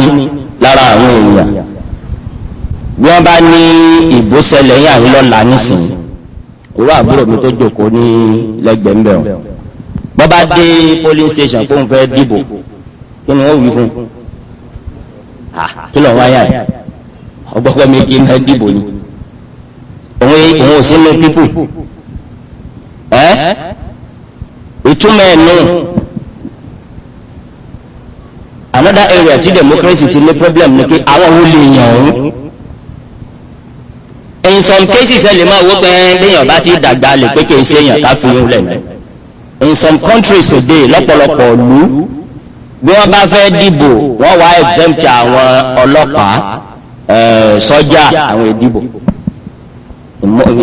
kíni lára àwọn èèyàn bí wọ́n bá ní ìbò ṣẹlẹ̀ yín àwọn lọ́la nísìnyí irú àbúrò mi tó jòkó ní lẹ́gbẹ̀ẹ́ o bọ́ bá dé polling station kó n fẹ́ dìbò kí ni wọ́n wí fún kí lọ́ọ́ wáyà yìí ọgbọ́gbọ́ mi kí n fẹ́ dìbò ni òun òun ò sínú pípù ẹ́ ìtumọ̀ nù another area tí democracy ti ní problem ni pé àwọn wo lè yàn ọ́n in some cases ẹ lè máa wó pé léèyàn bá ti dàgbà lè pé kì í ṣe èèyàn ká fi yín lẹ̀ mọ́ in some countries today lọ́pọ̀lọpọ̀ ìlú bí wọ́n bá fẹ́ dìbò wọ́n wá exempt àwọn ọlọ́pàá sọ́jà àwọn ìdìbò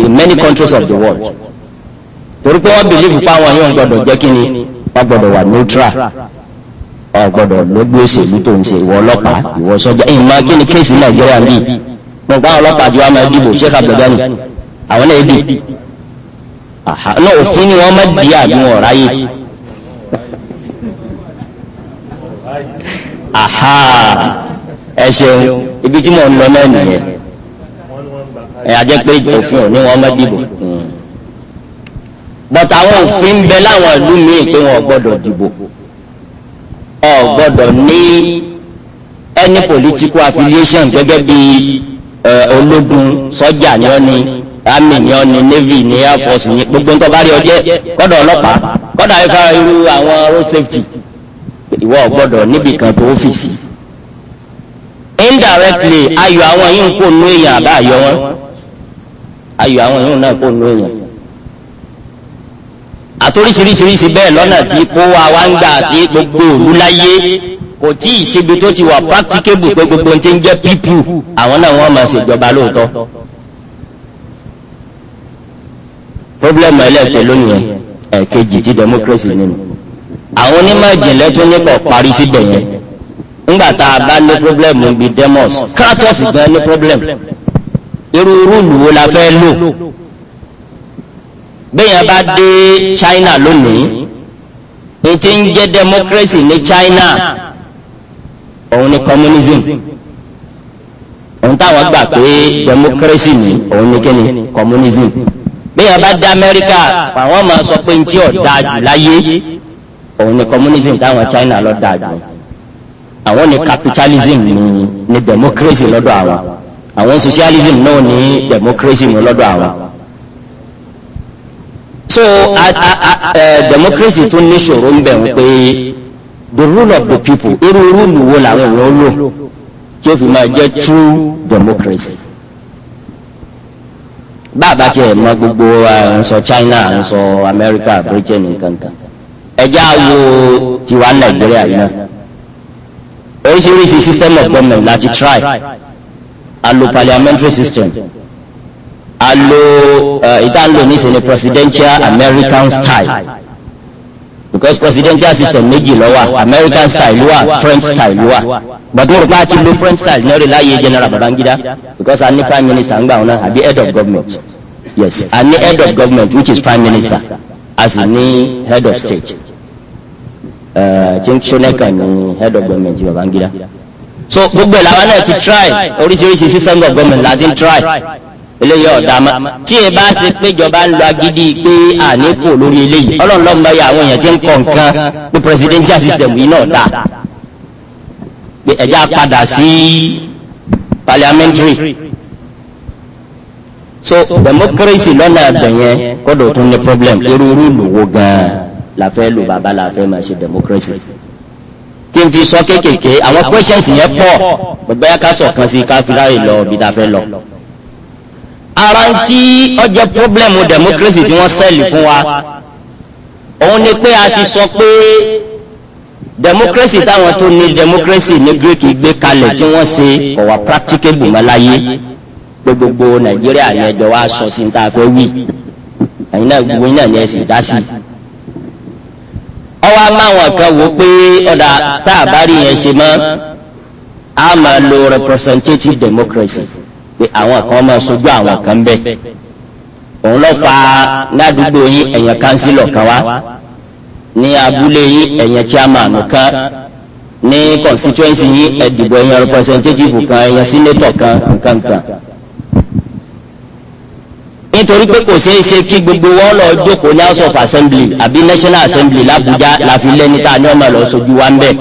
in many countries of the world torí pé wọ́n believe pé àwọn yóò gbọ́dọ̀ jẹ́ kí ni wọ́n gbọ́dọ̀ wà neutral ọ̀gbọ́dọ̀ lójú òṣèlú tó ń ṣe ìwọ ọlọ́pàá ìwọ sọ́jà ẹ̀yìn máa kí ni kéèsì nàìjíríà ń bì mo gbá ọlọ́pàá ju àmọ́ ìdìbò ṣé ká gbẹ̀gbẹ́ mi àwọn náà dì náà òfin ni wọ́n má di àbí wọn ráyè. ẹ ṣeun ibi tí mò ń lọ náà nìyẹn ẹ ajẹ́ pé òfin ò ní wọ́n má dìbò hmm. bọ́tà àwọn òfin ń bẹ láwọn ìlú míì pé wọn gbọ́dọ̀ dìbò ọ gbọ́dọ̀ ní any political affiliation gẹ́gẹ́ bí ológun ṣọ́jà ni ọ ni army ni ọ navy ni air force ni gbogbo nítorí bá rí ọjẹ kọ́dọ̀ ọlọ́pàá kọ́dọ̀ àyíká irú àwọn road safety ìwọ gbọ́dọ̀ níbi kan tó ọ́fíìsì indirectly ayọ̀ àwọn yìí ń kó nú èèyàn àbá àyọ wọn ayọ̀ àwọn yìí ń náà kó nú èèyàn àtoríṣiríṣiríṣi bẹ́ẹ̀ lọ́nà tí kó wa wá ń gbà àti gbogbo òlu láyé kò tí ì ṣebi tó ti wà practicable pé gbogbo ti ń jẹ́ pípù àwọn náà wọ́n máa ṣèjọba lóòótọ́. pọ́blẹ́mù ẹlẹ́ẹ̀kẹ́ lónìí ẹ̀ẹ̀kejì tí democracy nínú àwọn onímọ̀ tó ní kọ̀ parí síbẹ̀ yẹn ńgbà tá a bá ní pọ́blẹ́mù bíi demos kratos gan ní pọ́blẹ́mù irú rúùlù wo la fẹ́ lò bẹ́yẹn bá dé China lónìí ní ti ń jẹ́ democracy ní China òun ni communism òun táwọn gbà pé democracy ni òun ni kíni communism bẹ́yẹn bá dé America àwọn máa sọ pé ntí ọ̀dà jù òun ni communism táwọn China lọ dà jù àwọn ni capitalism ni ni democracy lọ́dọ̀ àwọn àwọn socialism náà ni democracy ni lọ́dọ̀ àwọn so a, a, a, democracy tún ní ṣòro ń bẹ̀ ń the rule of the people irú rúlù wo làwọn èèyàn ń lò tí ó fi máa jẹ́ true democracy bàbá tiẹ̀ mọ gbogbo àwọn sọ China àwọn sọ America Britain nǹkan kan ẹjẹ́ àwo tiwa Nigeria. yìí náà oríṣiríṣi system of government láti try a parliamentary system. system a lo eh, ìtàǹlò ní sinmi presidential American style because presidential system méjì ló wà American style wà French style wà gbàdúrà bá a ti lo French style náà rí láàyè General Babangida because a ní prime minister ń gbà wọn àbí head of government yes a ní head of government which is prime minister as sì ní head of state eh, Sonekan ní head of government Babangida so gbogbo ẹ̀ làwọn náà ti try oríṣiríṣi system of government la ti ń try eléyìí ọ̀dà ma tí e bá ṣe péjọba ń lo agídí pé àníkù lórí eléyìí ọlọ́run lọ́mọ báyìí àwọn èèyàn ti ń kọ̀ nǹkan pé presidential system yìí náà dà pé ẹ̀já padà sí parliamentary so democracy lọ́nà àgbẹ̀yẹn kọ́dọ̀ tún ní problem irú rúùlù wo gan-an la fẹ́ lò bàbá la fẹ́ máa ṣe democracy kí n fi sọ kéékèèké àwọn questions yẹn pọ̀ gbẹgbẹ́ ká sọ̀kan sí ká fi ráyè lọ bí ta fẹ́ lọ ara ń tí ọjọ́ pọ́blẹ́mù democracy tí wọ́n sẹ́ẹ̀lì fún wa òun ni pé a ti sọ pé democracy táwọn tó ní democracy ní greek gbé kalẹ̀ tí wọ́n ṣe kò wá practicable mọ́láyé gbogbo nàìjíríà ní ẹjọ́ wa sọ sí ní ta fẹ́ wí ẹ̀yin náà gbogbo yín náà ní ẹ̀sìn dá sí i ọwọ́ amáwọn kan wò pé ọ̀dà tá a bá rí yẹn ṣe mọ́ a máa lo representative democracy pé àwọn kan máa sojú àwọn kan bẹ òun lọ fa ládùúgbò yín ẹ̀yàn kánsílọ̀ kan wá ní abúlé yín ẹ̀yàn chairman kan ní constituency yín ẹ̀dìbò ẹ̀yàn representative kan ẹ̀yàn senator kan nkankan nítorí pé kò ṣeé ṣe kí gbogbo wọn lọ jókòó ní house of assembly àbí national assembly làbújá láfi lẹ́ni tá a ní ọmọ lọ sojú wa ń bẹ̀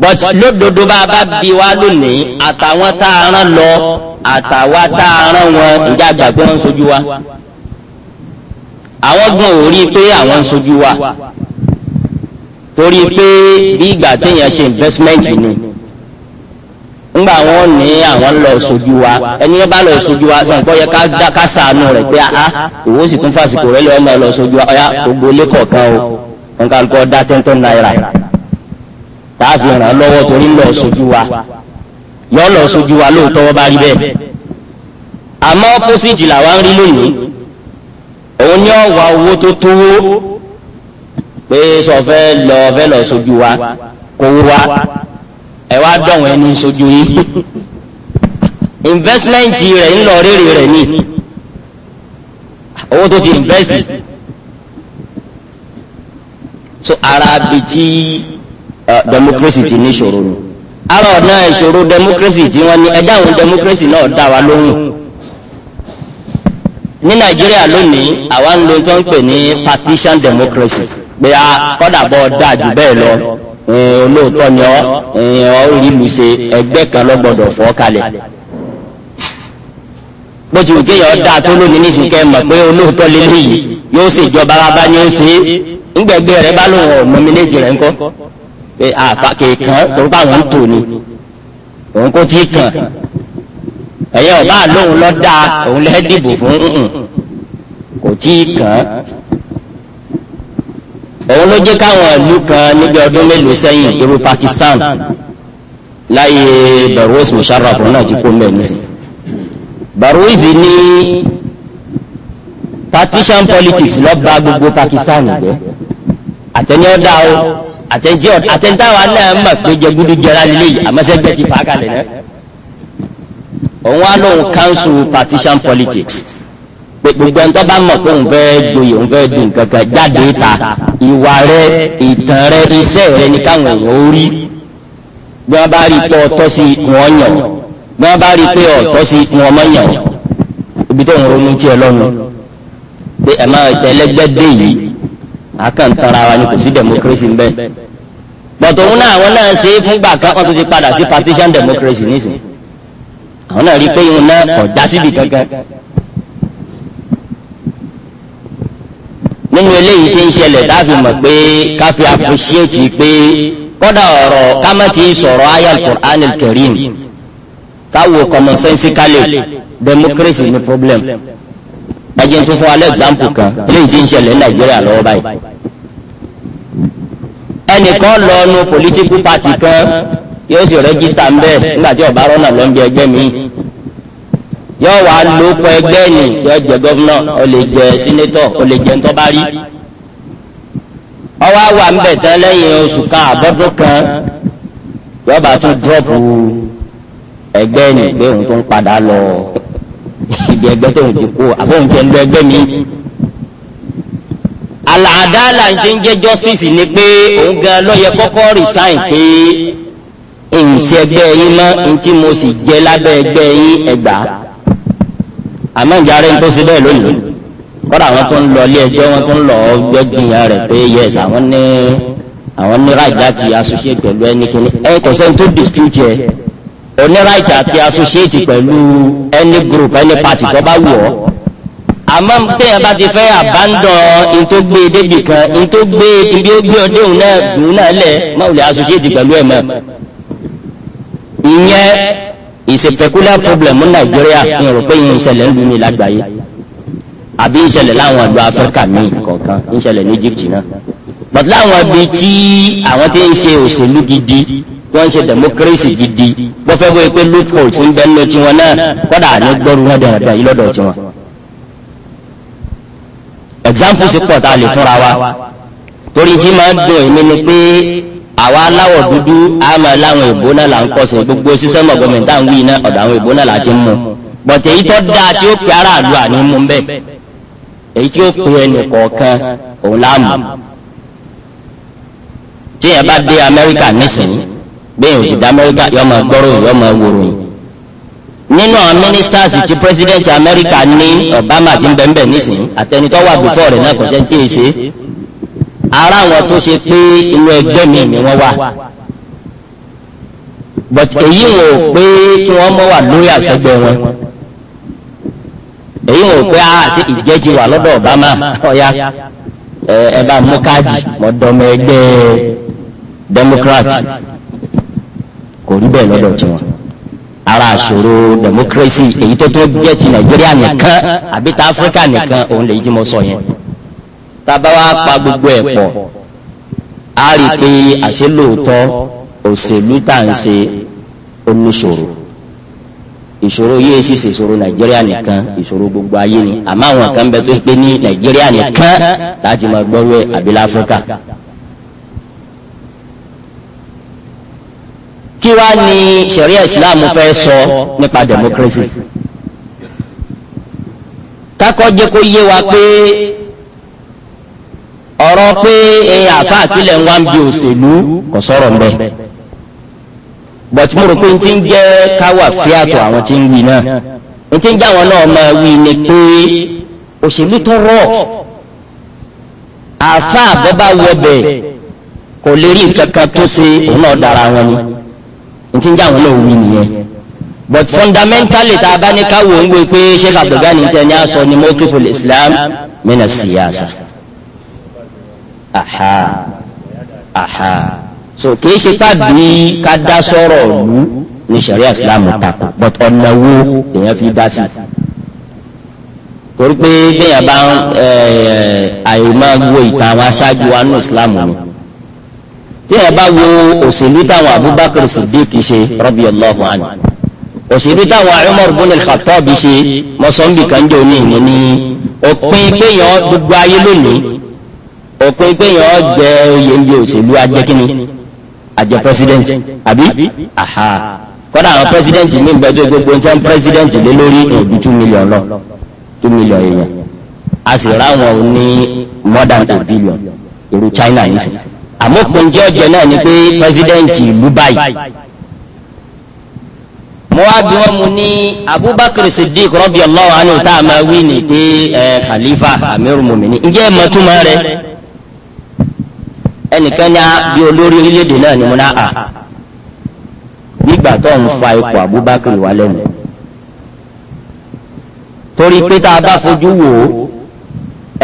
but lódodo bá a bá bi wá lónìí àtàwọn tá a rán lọ àtàwa tá a rán wọn ǹjẹ́ àgbà pé wọ́n ń sojú wa àwọn gan ò rí i pé àwọn ń sojú wa torí pé bí ìgbà téèyàn ṣe investment ni ngba wọn ní àwọn lọ sojú wa ẹni bá lọ sojú wa sàn kọ́ yẹ ká dá ká sànù rẹ̀ pé a òwò sì tún fàsìkò rẹ̀ lọ́wọ́ máa lọ sojú wa ọ̀yà gbogbo ilé kọ̀ọ̀kan o nǹkan kọ́ dá ten ten naira tá a fi ràn lọ́wọ́ torí lọ sojú wa yọ lọ sójú wa lóòótọ́ wọ́n bá rí bẹ́ẹ̀ àmọ́ pósíjì làwa ń rí lónìí òun ní ọ̀wà owó tó tó pé sọfẹ́ lọ fẹ́ lọ sójú wa kó wá ẹ wá dọ̀wọ́ ẹni sójú yìí investment rẹ̀ ń lọ rírì rẹ̀ ni owó tó ti invest so ara bìtì uh, democracy ti ní ṣòro ni. ara ọ̀nà ìṣòro democracy tí wọ́n ní ẹ̀dá àwọn democracy náà dá wa lóhùn ní nàìjíríà lónìí àwa ń lo tó ń pè ní partition democracy pé a kọ́dà bọ́ dáa jù bẹ́ẹ̀ lọ olóòótọ́ ni ọ ọ́ rí ìlú ṣe ẹgbẹ́ kan ló gbọ́dọ̀ fọ́ kalẹ̀ bó ti wù dáa tó lónìí nísìnyí kẹ́ ẹ mọ̀ pé olóòótọ́ lélẹ́yìí yóò ṣèjọba bá ní ó ṣe é rẹ bá lóun ọ̀ léjì pé àkàkẹ́kàn tó bá wọn ń tò ní òun kò tí ì kàn ẹ̀yẹ ọba lóun lọ dá òun lẹ́ dìbò fún un kò tí ì kàn òun ló jẹ́ káwọn ìlú kan níbi ọdún mélòó sẹ́yìn irú Pakistan láyé Barrois Musharraf náà ti kó mẹ́rin nísìnyí Barrois ní partisan politics lọ́ọ́ bá gbogbo Pakistan gbé àtẹni ọ̀dà àtẹ̀ntáwa náà mọ̀ pé jẹgúdú jẹra lílé yìí àmọ́sẹ́gbẹ́ ti fàákà lẹ̀ náà òun wá lóun council partition politics pé gbogbo ẹni tó bá mọ̀ pé òun fẹ́ joyè òun fẹ́ dùn kankan jáde ta ìwà rẹ ìtàn rẹ iṣẹ́ rẹ ní káwọn èèyàn ó rí bí wọ́n bá rí pé ọ̀tọ̀ sí wọn yàn bí wọ́n bá rí pé ọ̀tọ̀ sí wọn mọ̀ yàn ibi tó ń ronú tiẹ̀ lọ́nu pé ẹ̀ máa tẹ́lẹ́gbẹ́ dé yìí àkàntara wa ni kò sí democracy ń bẹ bọ̀tọ̀ òun náà àwọn náà ṣe é fúngbà kan wọ́n tó ti padà sí partition democracy nísìnyí àwọn náà rí i pé ìhun náà kò dá síbi kankan. nínú eléyìí tí ń ṣẹlẹ̀ dáàbì mọ̀ pé káfí appreciate pé kọ́dà ọ̀rọ̀ kámẹ́tì sọ̀rọ̀ ayal Qur'an al-Karim káwo common sense kálẹ̀ democracy ni problem ẹ jẹ́ tó fún alẹ́ ẹ̀xámpù kan léyìí tí ń ṣẹlẹ̀ ní nàìjíríà lọ́wọ́ báyìí. ẹnìkan lọ nu political party kan yóò sì rẹ́gísítà ń bẹ́ẹ̀ nígbà tí ọ̀bá rọ́nà ló ń jẹ ẹgbẹ́ mi. yóò wá lo pọ ẹgbẹ́ ni yóò jẹ gọ́vnà ó lè jẹ sínétọ̀ ó lè jẹ ńtọ́ bá rí. ọwọ́ àwa ń bẹ̀ tán lẹ́yìn oṣù kan àbọ̀dún kan yóò bá tún dúrọ́pù ẹgbẹ́ ni pé òun tó ń padà lọ ibi ẹgbẹ́ tó ń ti kú àbóhùn ti ń lọ ẹgbẹ́ mi. àlàádáàlà ń ti ń jẹ́ justice ni pé òun gan ló yẹ kọ́kọ́ resign pé ìǹsẹ̀ ẹgbẹ́ yín mọ́ ní tí mo sì jẹ́ lábẹ́ ẹgbẹ́ yín ẹgbàá àmọ́ ìjà rẹ̀ ń tó ṣe bẹ́ẹ̀ lónìí kọ́dà àwọn tó ń lọ ilé ẹjọ́ wọn tó ń lọ gbẹ́gbìyàn rẹ̀ pé yes àwọn ní àwọn ní rájà ti associate pẹ̀lú ẹnikẹ́ni ẹ kò sẹ́ni tó dispute yẹ oníráìtì àti asosiéètì pẹ̀lú any group any party tó bá wù ọ́ àmọ́ bẹ́ẹ̀ bá ti fẹ́ àbándọ̀ in tó gbé débì kan in tó gbé ibi ó gbé ọdún náà dùn náà lẹ̀ máwùlẹ̀ asosiéètì pẹ̀lú ẹ̀ ìyẹn is a problem ní nàìjíríà ń rò pé yín ìṣẹ̀lẹ̀ ń lu mi lágbàáyé àbí ìṣẹ̀lẹ̀ láwọn ìlú áfíríkà míì kọ̀ọ̀kan ìṣẹ̀lẹ̀ ní egypt náà but láwọn ibi tí àwọn ti ń ṣe òṣèlú gidi wọ́n ń ṣe democracy gidi wọ́n fẹ́ bóyá pé loophole ti ń bẹ́ẹ̀ lọ tiwọn náà kọ́dà àní gbọ́rú wọn dẹ̀rẹ̀ yìí lọ́dọ̀ tiwọn. example sì pọ̀ tá a lè fúnra wa torí tí máa ń dùn èmi ni pé àwa aláwọ̀ dúdú àmọ́ láwọn èbó náà là ń kọ́ sí gbogbo sísẹ́ mọ̀ gọ́mẹ̀ntà ń wí náà ọ̀dọ̀ àwọn èbó náà là ti mú bọ̀tẹ̀ yìí tó dáa tí ó pè aráàlú àní mú bẹ́ẹ̀ èyí tí ó pè ẹnì kọ̀ọ̀kan òun láàmú. tí yẹn bá dé Amẹ́ríkà nísìnyí bẹ́ẹ̀ òsì dá amẹ́ríkà yọ máa gbọ́rọ̀ yọ máa wòrò yìí nínú àwọn ministers ti president America ní Obama ti ń bẹ̀ ń nísìnyí àtẹnitọ́ wà before rẹ̀ náà kò sẹ́ni tí ì ṣe ara àwọn tó ṣe pé inú ẹgbẹ́ mi ni wọ́n wà but èyí wò ó pé kí wọ́n mọ̀ wà lórí àṣẹgbẹ́ wọn èyí wò ó pé a ah, ṣe ìjẹ́jì wà lọ́dọ̀ Obama ọ̀ya ẹ bá mú káàdì mọ́dọ́mọ ẹgbẹ́ Democrats. Democrats kò rí bẹ́ẹ̀ lọ́dọ̀ tiwọn ara àṣòro democracy èyí tó tó jẹ́ ti nàìjíríà nìkan àbí ta áfíríkà nìkan òun lè jí mo sọ yẹn tábà wá pa gbogbo ẹ̀ pọ̀ a rí i pé àṣẹ lóòótọ́ òṣèlú tá à ń ṣe oníṣòro ìṣòro yìí sì ṣe ìṣòro nàìjíríà nìkan ìṣòro gbogbo ayé ni àmọ́ àwọn kan bẹ tó pé ní nàìjíríà nìkan láti máa gbọ́rú ẹ̀ àbí láfíríkà. kí wá ní ṣẹ̀ríà islam fẹ́ sọ nípa democracy kákọ́ jẹ́ kó yé wa pé ọ̀rọ̀ pé ẹ̀yìn àfa àpilẹ̀ ń wá ń bi òṣèlú kò sọ̀rọ̀ ń bẹ̀ bọ̀tí mo rò pé n ti ń jẹ́ káwà fíàtọ̀ àwọn tí ń wí náà n ti ń jẹ́ àwọn náà máa wí ni pé òṣèlú tó rọ̀ àfa àbọ̀bá wọbẹ̀ kò lè rí nǹkan tó ṣe òun náà dára wọn ni ntí ń jẹ́ náà wí nìyẹn but fundamentally tá a bá ní káwọ ń wí pé sheikh abdulgani tẹ ní aṣọ ni mokiful islam mina siyasa aha aha so kì í ṣe tàbí ká dá sọ̀rọ̀ òlu ní sharia islam tako but ọ̀nà wo èèyàn fi dá sí torí pé bẹ́ẹ̀ bá eh, àìmọ́ wo ìtàn àwọn aṣáájú wa nù islam ni tí ẹ bá wo òṣèlú táwọn Abubakar Siddiq ṣe radiyallahu anhu òṣèlú táwọn Umar bin al-Khattab ṣe mọ́sánbì kan jẹ́ òní ìní ní òpin péyàn gbogbo ayé lónìí òpin péyàn jẹ oyè ń bí òṣèlú ajẹ́kíní ajẹ́ president àbí aha kọ́dà àwọn president mi gbẹ́jọ́ gbogbo ń tẹ́ president lé lórí ìdí two million lọ two million èèyàn a sì ráwọn ní more than a billion èrò China yìí sìn àmọ́pọ̀ njẹ́ ọjọ́ náà ni pé pẹ́sidẹ́ǹtì ìlú báyìí mo wá bí wọn mu ní Abubakar Siddiq radiyallahu anhu tá a máa wí ni pé ẹ khalifa amiru mumini njẹ́ ẹ mọ̀túmọ̀ rẹ ẹnìkan ní a bí olórí orílẹ̀-èdè náà ni mo náà à ah, ah. nígbà tó ń fa ipò Abubakar wà lẹ́nu torí pé tá a bá fojú wò ó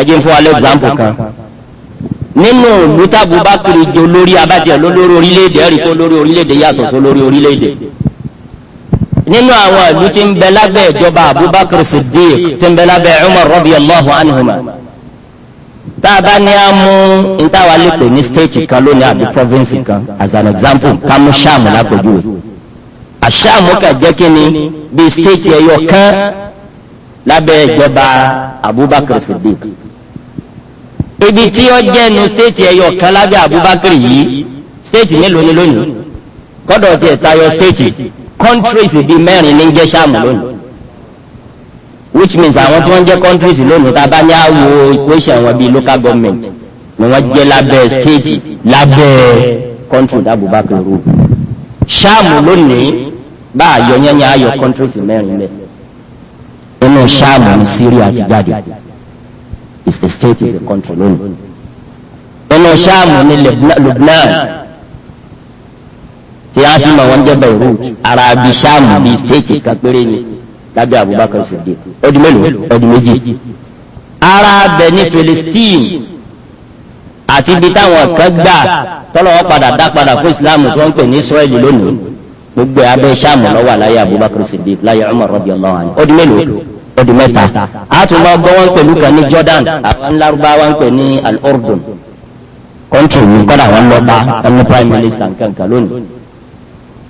ẹ jẹ́ fún wa lẹ́gbàmpù kan nínú ìlú tábùbákiri jẹ olórí abájẹ lólórí orílẹ̀-èdè ẹ̀rí kó lórí orílẹ̀-èdè yàtọ̀ sí olórí orílẹ̀-èdè nínú àwọn ìlú tí ń bẹ lábẹ́ ìjọba abubakar siddiq tí ń bẹ lábẹ́ umar radiyallahu anhuma tá a bá ní a mú ntàwa lè ní state kan lónìí àbí province kan as an example ká mú sàmù lápèjúwe àsàmù kà jẹ́ kí ni bí state ẹ̀yọ kan lábẹ́ ìjọba abubakar siddiq ibi tí ó jẹ́nu stéètì ẹyọ kan lábẹ́ Abubakar yìí stéètì mélòó ni lónìí kọ́dọ̀ ti ẹ̀tayọ stéètì countries bíi mẹ́rin ní jẹ́ sàmù lónìí which means àwọn tí wọ́n jẹ́ countries lónìí tá a bá ní àwọ̀ equation wọn bíi local government ni wọ́n jẹ́ lábẹ́ stéètì lábẹ́ country d'Abubakar rú sàmù lónìí bá a yọ yẹn ní ayọ̀ countries mẹ́rin lẹ̀ inú sàmù ní Syria ti jáde is a state is a country lónìí. nínú sáàmù ní Lebanon tí a sì mọ wọn jẹ Beirut ara bí sáàmù bí state kan péré ni lábẹ́ Abubakar Siddiq ọdún mélòó ọdún méjì ara abẹ ní Palestine àti ibi táwọn kan gbà tọ́lọ́wọ́ padà dá padà fún Islam tí wọ́n ń pè ní Israel lónìí gbogbo abẹ́ sáàmù lọ́wọ́ àlàyé Abubakar Siddiq láyé Umar radiyallahu anhu ọdún mélòó ọdí mẹ́ta àtúmọ̀ gbọ́wọ́n pẹ̀lú kan ní Jordan àwọn ńlárúbáwá ń pè ní al-Urdun kọ́ńtù mi kọ́dà wọn lọ bá wọn ní prime minister nkankan lónìí.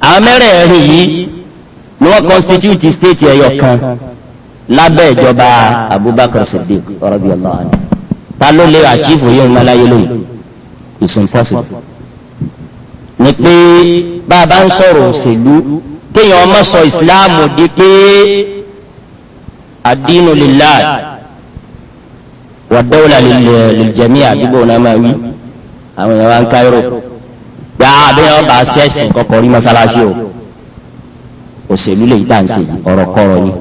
àwọn mẹ́rẹ̀ẹ̀rin yìí ni wọ́n constitute state ẹ̀yọ kan lábẹ́ ìjọba Abubakar Siddiq radiyallahu anhu ta ló lè àchífù yóò máa láyé lónìí it's impossible. ni pé bá a bá ń sọ̀rọ̀ òṣèlú kéèyàn ọmọ sọ ìsìláàmù di pé ad-dinu lillah wad-dawla liljami' àdúgbò náà máa wí àwọn èèyàn wa ń káírò gbà abẹ́yẹn ọba sẹ́ẹ̀sìn kọkọ rí mọ́sálásí o òṣèlú lè dá ń ṣe ọ̀rọ̀ kọ́rọ̀ ni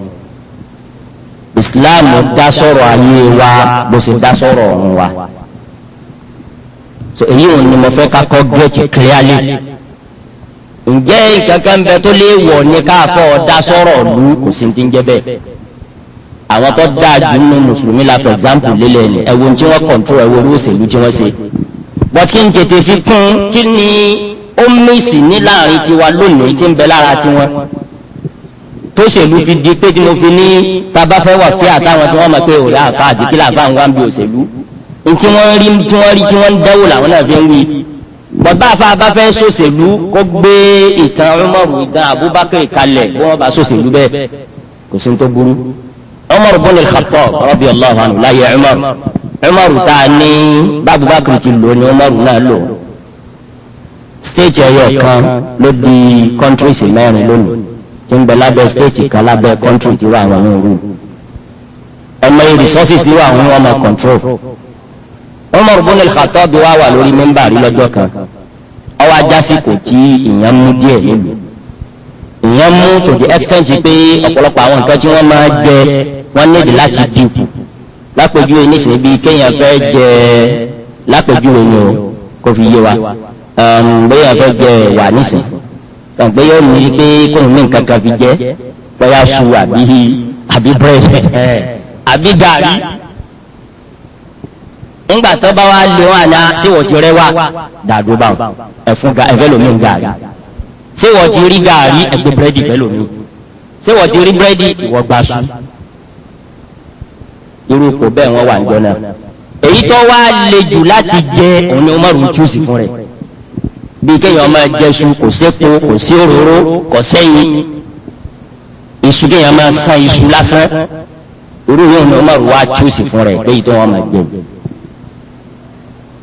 Islam dá sọ̀rọ̀ ayé wa bó ṣe dá sọ̀rọ̀ ọ̀run wa so èyí ò ní mo fẹ́ kakọ́ gẹ́tì clearly ǹjẹ́ ìkankan bẹ tó lè wọ̀ ní káàkọ́ dá sọ̀rọ̀ ọ̀lú kò sí ti ń jẹ́ bẹ́ẹ̀ àwọn tó dáa jù nínú mùsùlùmí la for example lélẹ̀ ni ẹ̀wọ̀n tí wọ́n control ẹ̀wọ̀n orí òṣèlú tí wọ́n ṣe. but kí n tètè fi kún kí ni ó mèsì ní láàrin tiwa lónìí tí ń bẹ lára tiwọn tó ṣèlú fi di pé tí mo fi ní bàbá fẹ́ wà fí àtàwọn tí wọ́n mọ̀ pé òrà àfa àdìkí làbá ń wá ń bi òṣèlú ntí wọ́n rí tí wọ́n rí tí wọ́n ń dẹ́wò làwọn náà fi ń wí bàbá àfa bá fẹ́ ṣòṣèlú kó gbé ìtàn Umaru ìtàn Abubakar kalẹ̀ bí wọ́n bá ṣòṣèlú bẹ́ẹ̀ kò sí ní tó burú. Umar ibn al-Khattab radiyallahu anhu láyé Umar Umar tá a ní bábúbákiri ti lò ní Umar náà lò stéètì ẹyọ kan ló di kọ́ńtírìsì mẹ́rin lónìí tí ń bẹ lábẹ́ stéètì kan lábẹ́ kọ́ńtírì tí wà àwọn ọmọ òru ọmọ yìí resources tí wà àwọn ọmọ control Umar ibn al-Khattab wá wà lórí mẹ́mbàrí lọ́jọ́ kan ọwọ́ ajásìkò tí ìyẹn mú díẹ̀ nílùú ìyẹn mú to the pé ọ̀pọ̀lọpọ̀ àwọn nǹkan tí wọ́n máa jẹ wọ́n níbi láti dínkù lápèjúwe nísìnyí bíi kéèyàn fẹ́ jẹ lápèjúwe ni o kò fi yé wa um, bóyá fẹ́ jẹ wà nísìnyí gbàgbé yóò ní pé kò ní nǹkan kan fi jẹ bóyá su àbí àbí bírèsì àbí gàrí nígbà tó bá wá lé wọn àná síwọ̀ ti rẹ wá dàdó báwọn ẹ̀fún ẹ̀fẹ́ lómi ń gàrí síwọ̀ ti rí gàrí ẹ̀gbẹ́ búrẹ́dì bẹ́ẹ̀ lómi síwọ̀ ti rí búrẹ́dì ìwọ̀ gbà sùn irú kò bẹ́ẹ̀ wọ́n wà níjọ́ náà èyí tó wá le jù láti jẹ òun ni Umaru ń túùsì fún rẹ̀ bí kéèyàn máa jẹṣu kò sépo kò sí òróró kò sẹ́yìn iṣu kéèyàn máa san iṣu lásán irú yóò ní Umaru wá túùsì fún rẹ̀ léyìí tó wọ́n máa jẹ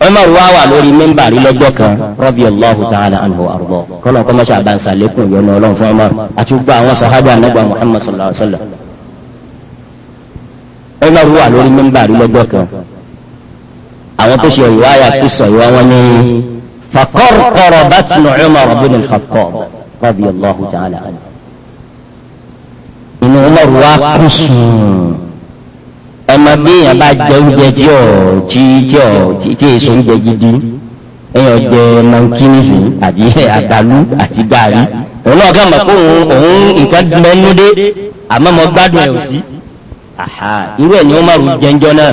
Umaru wá wà lórí mímbàrí lọ́jọ́ kan radiyallahu ta'ala anhu àrùbọ̀ kọ́nà kọ́mọ́ṣà bá ń sàlékún ìyọnu Ọlọ́run fún Umaru àti gbogbo àwọn sàhábà Muhammad sallallahu alaihi wasallam Umar wà lórí mímbàrí lọ́jọ́ kan àwọn tó ṣe ìwà ayà tó sọ ìwà wọn ní faqarqara batnu Umar ibn al-Khattab radiyallahu ta'ala anhu inú Umar wà kú sùn ọmọ bí èèyàn bá jẹ oúnjẹ tí ò tí tí ò tí èso oúnjẹ gidi èèyàn jẹ mankinisi àti àgbàlú àti gàrí òun náà kà mọ̀ pé òun nǹkan mẹ́nu dé àmọ́ mo gbádùn ẹ̀ òsì àhà irú ẹ̀ ni wọ́n máa rú jẹ́njọ́ náà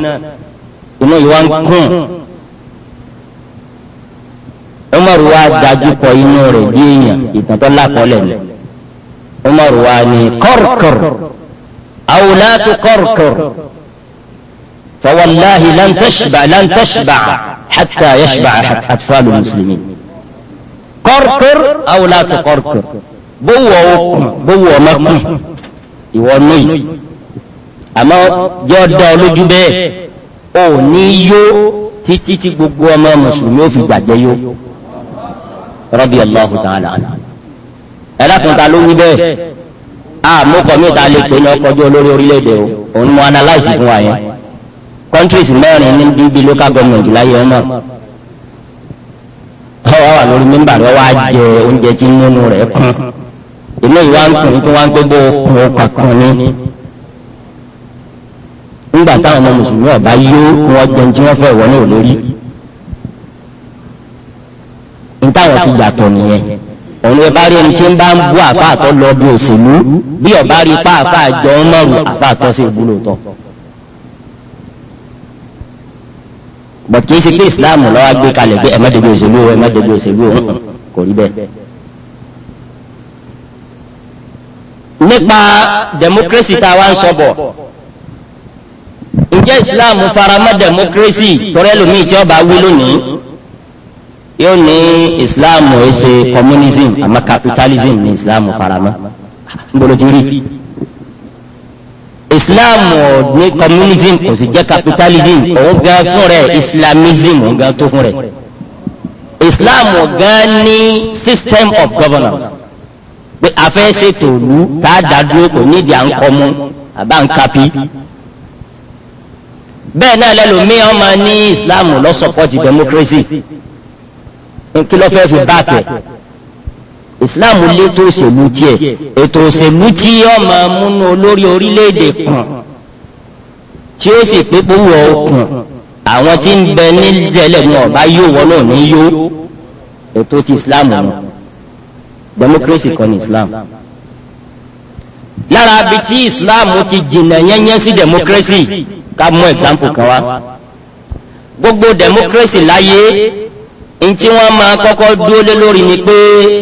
inú ìwà ń kún Umaru wa dájú kọ inú rẹ̀ bí èèyàn ni Umaru wa ni Qarqar awlatu Qarqar فوالله لن تشبع لن تشبع حتى يشبع أطفال المسلمين قرقر أو لا تقرقر بو وكم بو مكم يوني àmọ́ yọ dá ọ lójú bẹ́ẹ̀ ò ní yó gbogbo ọmọ mùsùlùmí ó fi gbàgbẹ́ yó radiyallahu ta'ala anhu ẹlẹ́kùn ta ló wí bẹ́ẹ̀ àmúkọ mi ta lè pè ní ọkọ̀jọ́ olórí orílẹ̀-èdè o òun mọ analyze fún wa yẹn countries mẹ́rin ní bíbí local government láyé ọmọ ọwọ́ lórí mímbà jẹ oúnjẹ tí nígbà táwọn ọmọ mùsùlùmí ọba yó wọn jẹun tí wọn fẹ́ wọlé olórí ntáwọn fi yàtọ̀ nìyẹn òun ẹ bá rí ẹni tí ń bá ń bú àfáàtọ lọ bí òṣèlú bí ọba rí pa àfáàjọ ọmọrù àfáàtọ sí ìbúlò tọ. bọ̀t kì í ṣe pé islam lọ́wọ́ gbé kalẹ̀ pé ẹ̀mẹ́dẹ̀gbẹ̀ òṣèlú o ẹ̀mẹ́dẹ̀gbẹ̀ òṣèlú o kò rí bẹ́ẹ̀. nípa democracy tá a wá ń sọ bọ̀ ǹjẹ́ islam faramọ́ democracy torí ẹlòmíì tí ọba wí lónìí yóò ní islam ẹ ṣe communism àmọ́ capitalism ní islam faramọ́ nbolojiri islam ní communism kò sì jẹ́ capitalism òun gan fún rẹ̀ islamism òun gan tó fún rẹ̀ islam gan ní system of governance pé afẹ́ ṣètò òlu tá a dá dúró kò nídìí à ń kọ́ mu àbá ń kapi bẹ́ẹ̀ náà lẹ́lòmíì ọmọ ní islam lọ support democracy kí ló fẹ́ fi báàkì islam létò òṣèlú tiẹ̀ ètò òṣèlú tí ọmọ múnú olórí orílẹ̀-èdè kan tí ó sì pé gbówó ọkùn àwọn tí ń bẹ nílẹ̀ náà bá yóò wọ́n náà ní yó ètò ti islam nù democracy kan ní islam lára bí tí islam ti jìnnà yẹn yẹn sí democracy. democracy ká mú example kan wá gbogbo democracy láyé ntí wọ́n máa kọ́kọ́ dúró lé lórí ni pé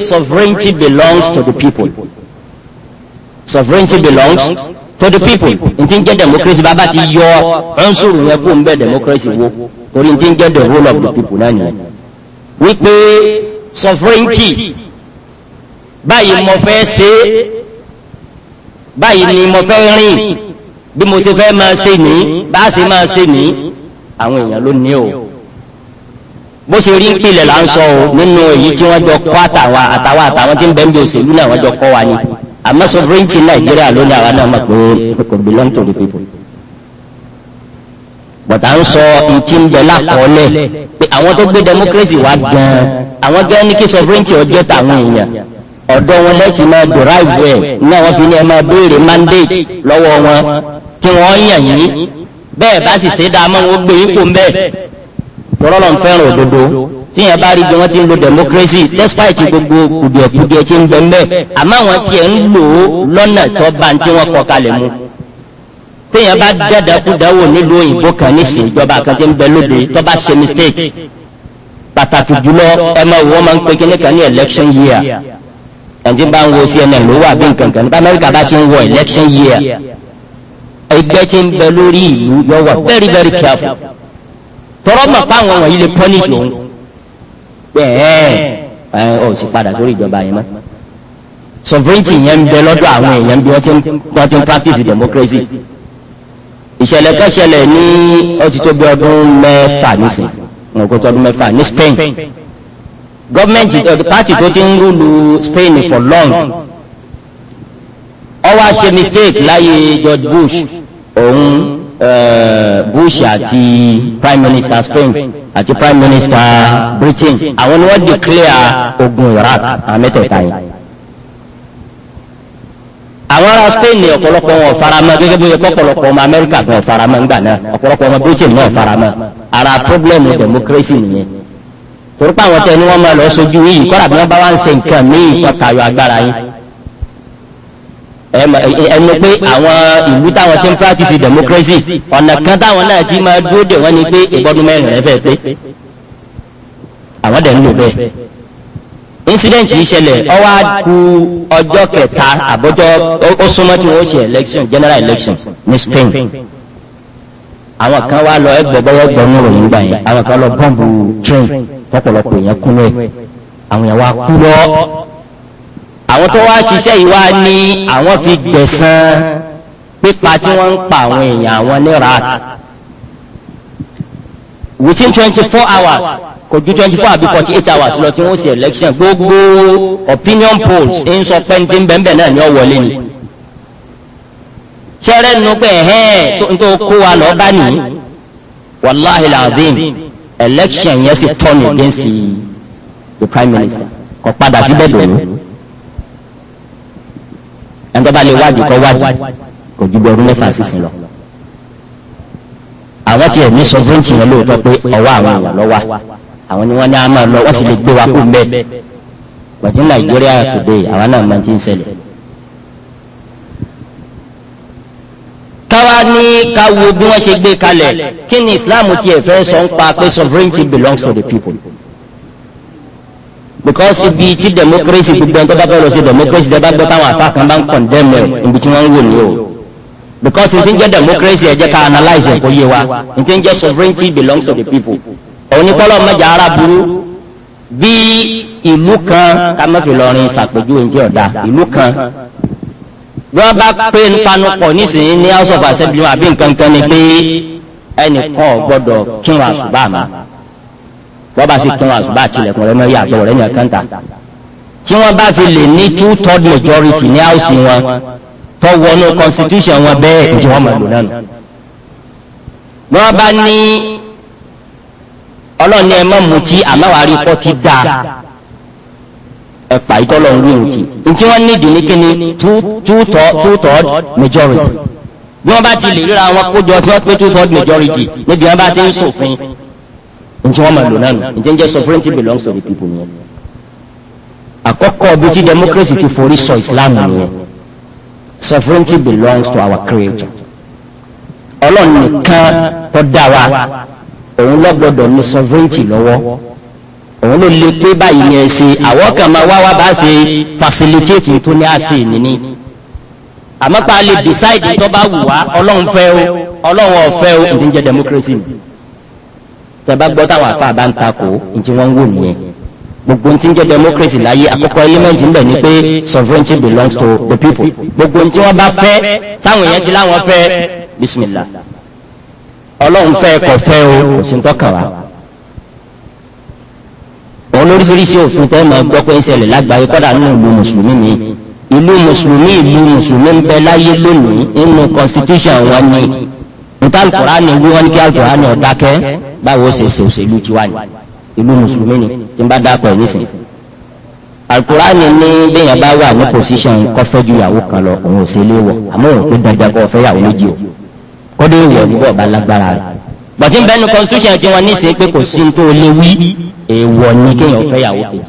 sovereignty belongs to the people sovereignty belongs to the people ntí ń jẹ́ democracy bàbá ti yọ ọ̀nsùrù yẹn kó ń bẹ́ democracy wo torí ntí ń jẹ́ the rule of the people náà nìyẹn wípé sovereignty báyìí mo fẹ́ ṣe báyìí ni mo fẹ́ rìn bí mo ṣe fẹ́ máa ṣe ní bá a máa ṣe ní àwọn èèyàn ló ní o bó ṣe rí ìpìlẹ̀ là ń sọ o nínú èyí tí wọ́n jọ kọ́ àtàwọn àtàwọn àtàwọn tí ń bẹ́ẹ̀ bí òṣèlú náà wọ́n jọ kọ́ wa ni àmọ́ sovereignty nàìjíríà ló ní àwa náà mọ̀ pé kò belong to the people bọ̀dá ń sọ ntí ń bẹ lákọọ́lẹ̀ pé àwọn tó gbé democracy wá gan àwọn gan ní kí sovereignty ọjọ́ tàwọn èèyàn ọ̀dọ́ wọn lẹ́tì máa derive ẹ̀ náà wọ́n fi ní ẹ máa béèrè mandate lọ́wọ́ wọn kí wọ́n yàn yín bẹ́ẹ̀ bá sì ṣe dáa mọ́ wọn gbé ipò ń bẹ́ẹ̀ lọ́rọ́ lọ́n fẹ́ràn òdodo tí yẹn bá rí bí wọ́n ti ń lo democracy despite gbogbo kùdìẹ̀kùdìẹ̀ tí ń bẹ ń bẹ́ẹ̀ àmọ́ àwọn tiẹ̀ ń lò ó lọ́nà tó bá ń tí wọ́n kọ kalẹ̀ mu tí yẹn bá dẹ́dẹ́kúdẹ́wò nílùú òyìnbó kan níṣẹ́ ìjọba kan ti ń bẹ lóde tó bá ṣe mistake pàtàkì jùlọ ẹ máa wọ́n máa ń pe kíní kan ní election year ẹ̀ ń ti bá ń wo CNN ló wà bí nǹkan kan ní amẹ́ríkà bá ti ń wọ election year ẹgbẹ́ tí ń bẹ lórí ìlú yọ wà very very careful tọrọ mọ̀ fáwọn wọ̀nyí lè punish òun bẹ́ẹ̀ ẹ ọ̀ sì padà sórí ìjọba yẹn mọ́ sovereignty yẹn ń bẹ lọ́dọ̀ àwọn èèyàn bí wọ́n ti ń practice democracy ìṣẹ̀lẹ̀ kan ṣẹlẹ̀ ní ọtí tó bí ọdún mẹ́fà nísìn ọkọ̀ tó ọdún mẹ́fà ní Spain gọ́ọ̀mẹ̀ntì eh, party tó ti ń rúlu Spain for long wá ṣe mistake láyé George Bush òun Bush àti Prime Minister Spain àti Prime Minister Britain àwọn ni wọ́n declare ogun Iraq àwọn mẹ́tẹ̀ẹ̀ta yìí àwọn ará Spain ní ọ̀pọ̀lọpọ̀ wọn faramọ́ gẹ́gẹ́ bí ọ̀pọ̀lọpọ̀ ọmọ Amẹ́ríkà kan faramọ́ ńgbà náà ọ̀pọ̀lọpọ̀ ọmọ Britain náà faramọ́ ara pọ́blẹ́mù democracy nìyẹn torípa àwọn tẹ ni wọ́n máa lọ sojú yìí kọ́ra bí wọ́n bá wá ń ṣe nǹkan míì kọ́ tayọ agbára yìí ẹni pé àwọn ìlú táwọn ti ń practice democracy ọ̀nà kan táwọn náà ti máa dúró dè wọ́n ni pé ìbọdún mẹ́rin rẹ̀ fẹ́ pé àwọn dẹ̀ ń lò bẹ́ẹ̀ incident yìí ṣẹlẹ̀ ó wá kù ọjọ́ kẹta àbọ̀jọ́ ó súnmọ́ tí wọ́n ṣe election general election ní Spain àwọn kan wá lọ ẹgbẹ̀gbọ́wọ́ gbọ̀nú ròyìn gbà yẹn àwọn kan lọ bọ́ǹbù train pọ̀pọ̀lọpọ̀ èèyàn kúnú ẹ̀ àwọn èèyàn wá kú lọ àwọn tó wá ṣiṣẹ́ ìwá ní àwọn fi gbẹ̀san pípa tí wọ́n ń pa àwọn èèyàn àwọn ní within 24 hours kò ju 24, four àbí forty hours lọ tí wọ́n ṣe election gbogbo opinion polls ń sọ pé ní bẹ́ẹ̀ náà ni ó wọlé ni sẹ́rẹ́ nínú pé ẹ̀hẹ́n tó kó wa lọ bá ní wàláhìí làbín election yẹn sì turn against the prime minister kò padà síbẹ̀ dòní ẹnitọ́ bá lè wádìí kọ́ wádìí kò ju bí ọdún mẹ́fà sísìn lọ. àwọn tiẹ̀ ní sovereignty yẹn lóòótọ́ pé ọwọ́ àwọn àwọn lọ́wọ́ àwọn ni wọ́n ní àmọ́ lọ wọ́n sì lè gbé wa kú mbẹ́ pẹ̀tí nàìjíríà today àwọn náà máa ti ń ṣẹlẹ̀. káwa ní ká wo bí wọ́n ṣe gbé kalẹ̀ kí ni Islam tiẹ̀ fẹ́ sọ ń pa pé sovereignty belongs to the people because ibi tí democracy gbogbo ẹni tó bá fẹ́ lọ sí democracy tẹ́ bá gbọ́ táwọn àfa kan bá ń condemn ẹ̀ ibi tí wọ́n ń wò ní o because n ti jẹ́ democracy ẹ jẹ́ ká analyse ẹ̀ kó yé wa n ti jẹ́ sovereignty belong to the people òun ni kọ́lọ́ mẹ́jà ara burú bí ìlú kan ká má fi lọrin ṣàpèjúwe ní ọ̀dà ìlú kan bí wọ́n bá pé panupọ̀ nísìnyí ní house of assembly àbí nǹkan ni pé ẹnìkan ò gbọ́dọ̀ kírun àṣùbà máa bọ́ba sì kún àṣùbà tilẹ̀kùn rẹ̀ mọ́ yàtọ̀ rẹ̀ yàn kán ta tí wọ́n bá fi lè ní two third majority ní house wọn tó wọnú constitution wọn bẹ́ẹ̀ tí wọ́n máa lò nánu. bí wọ́n bá ní ọlọ́ọ̀ni ẹ mọ̀ mutí àmọ́wárí pọ́ ti dáa ẹ̀pà ìtọ́lọ̀ ń wíwò kì í tí wọ́n nídìí ní kíni two third majority bí wọ́n bá ti lè ríra wọn kójọ tí wọ́n pé two third majority níbi wọ́n bá ti ń ṣòfin njẹ́ wọ́n máa lò nánu njẹ́ njẹ́ sovereignty belongs to the people nìyẹn àkọ́kọ́ bí ti democracy ti forí sọ islam nìyẹn sovereignty belongs to our creator ọlọ́run nìkan tó dá wa òun ló ní sovereignty lọ́wọ́ òun ló lè pé báyìí ni ẹ ṣe àwọn kan máa wá wá bá ṣe facilitate tó ní àṣẹ ìnìní àmọ́ pa lè decide tó bá wù wá ọlọ́run fẹ́ o ọlọ́run ọ̀fẹ́ o ìdíjẹ democracy nìyẹn tẹ̀bá gbọ́ táwọn afa bá ń takò ntí wọ́n ń wò nìyẹn gbogbo ntí ń jẹ́ democracy láyé àkọ́kọ́ element ń bẹ ni pé sovereignty belongs to the people gbogbo ntí wọ́n bá fẹ́ táwọn èèyàn ti láwọn fẹ́ bismillah ọlọ́run fẹ́ kọ̀ fẹ́ o kò sí ntọ́kàn wa òun lóríṣiríṣi òfin tẹ́ máa gbọ́ pé ń ṣẹlẹ̀ lágbàáyé kọ́dà nínú ìlú mùsùlùmí mi ìlú mùsùlùmí ìlú mùsùlùmí ń bẹ láyé lónìí nínú constitution wa ni nta alukurani wí wọn kí alukurani ọ̀dákẹ́ báwo ṣe ṣe òṣèlú tiwa ni ìlú mùsùlùmí ni tí n bá dákọ̀ ẹ̀ nísìn alukurani ní bẹ́yẹn bá wà ní pòsíṣàn kọfẹ́ ju ìyàwó kan lọ òun ò ṣe lé wọ àmọ́ òun pé dandan kọ́ ọ̀fẹ́ ìyàwó méjì o kọ́dé ìwọ̀ nígbà ọba lágbára rẹ̀ bọ̀tí bẹ́ẹ̀ ni constitution ti wọn nísìn pé kò sí tó lé wí èèwọ̀ ni kéèyàn ọ̀fẹ́ ìyàwó kejì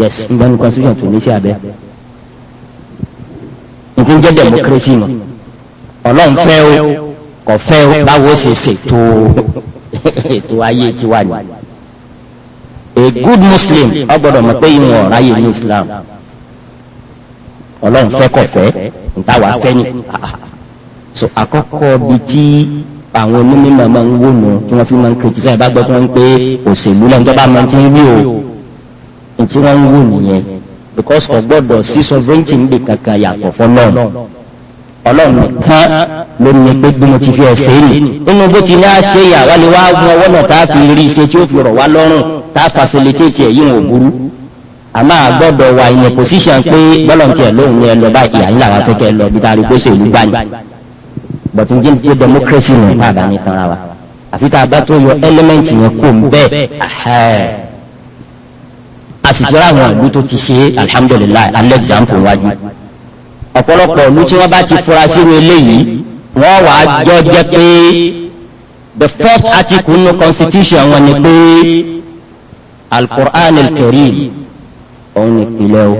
yes bẹ́ẹ̀ ni constitution tó ní sí abẹ́ nǹkan jẹ́ democracy ọlọ́run fẹ́ o kọfẹ́ báwo ṣe ṣètò ètò ayé tiwa ni a good muslim ọgbọ́dọ̀ mọ̀ pé ìwọn ọ̀rá yìí ní islam ọlọ́run fẹ́ kọfẹ́ ntàwa fẹ́ ni so àkọ́kọ́ bíi tí àwọn onímọ̀ máa ń wò nù tí wọ́n fi máa ń kìrìtìsà ìbágbọ́ tí wọ́n ń pé òṣèlú lẹ́nu tó bá máa ti ń rí o tí wọ́n ń wò nìyẹn because ọgbọ́dọ̀ sí sovereignty ń bè kankan yàtọ̀ fọlọ́run ọlọ́run kan ló ní pé bí mo ti fi ẹ̀sẹ̀ nì nínú bó ti ní àṣẹ ìyàwó ni wàá mú ọwọ́ náà tá a fi rí iṣẹ́ tí ó fi rọ̀ wá lọ́rùn tá a facilitate ẹ̀ yíwọ̀n òburú àmọ́ àgbọ́dọ̀ wà in a position pé bọ́lọ̀ntì ẹ̀ lóhùn ni ẹ lọ báyìí ìyá ńlá wa kẹ́kẹ́ lọ bí táa rí gbèsè ìlú gbani but n jẹ́ pé democracy nù tá a bá ní tanra wa àfi tá a bá tó yọ element yẹn kó n bẹ́ẹ̀ a sì jẹ́ àwọn ìlú tó ti ṣe alhamdulilayi alẹ́ example wájú ọ̀pọ̀lọpọ̀ ìlú tí wọ́n bá ti fura sí eléyìí wọ́n wàá jọ jẹ́ pé the first article nínú constitution wọn ni pé alukur'an al-karim òun ni ìpìlẹ̀ o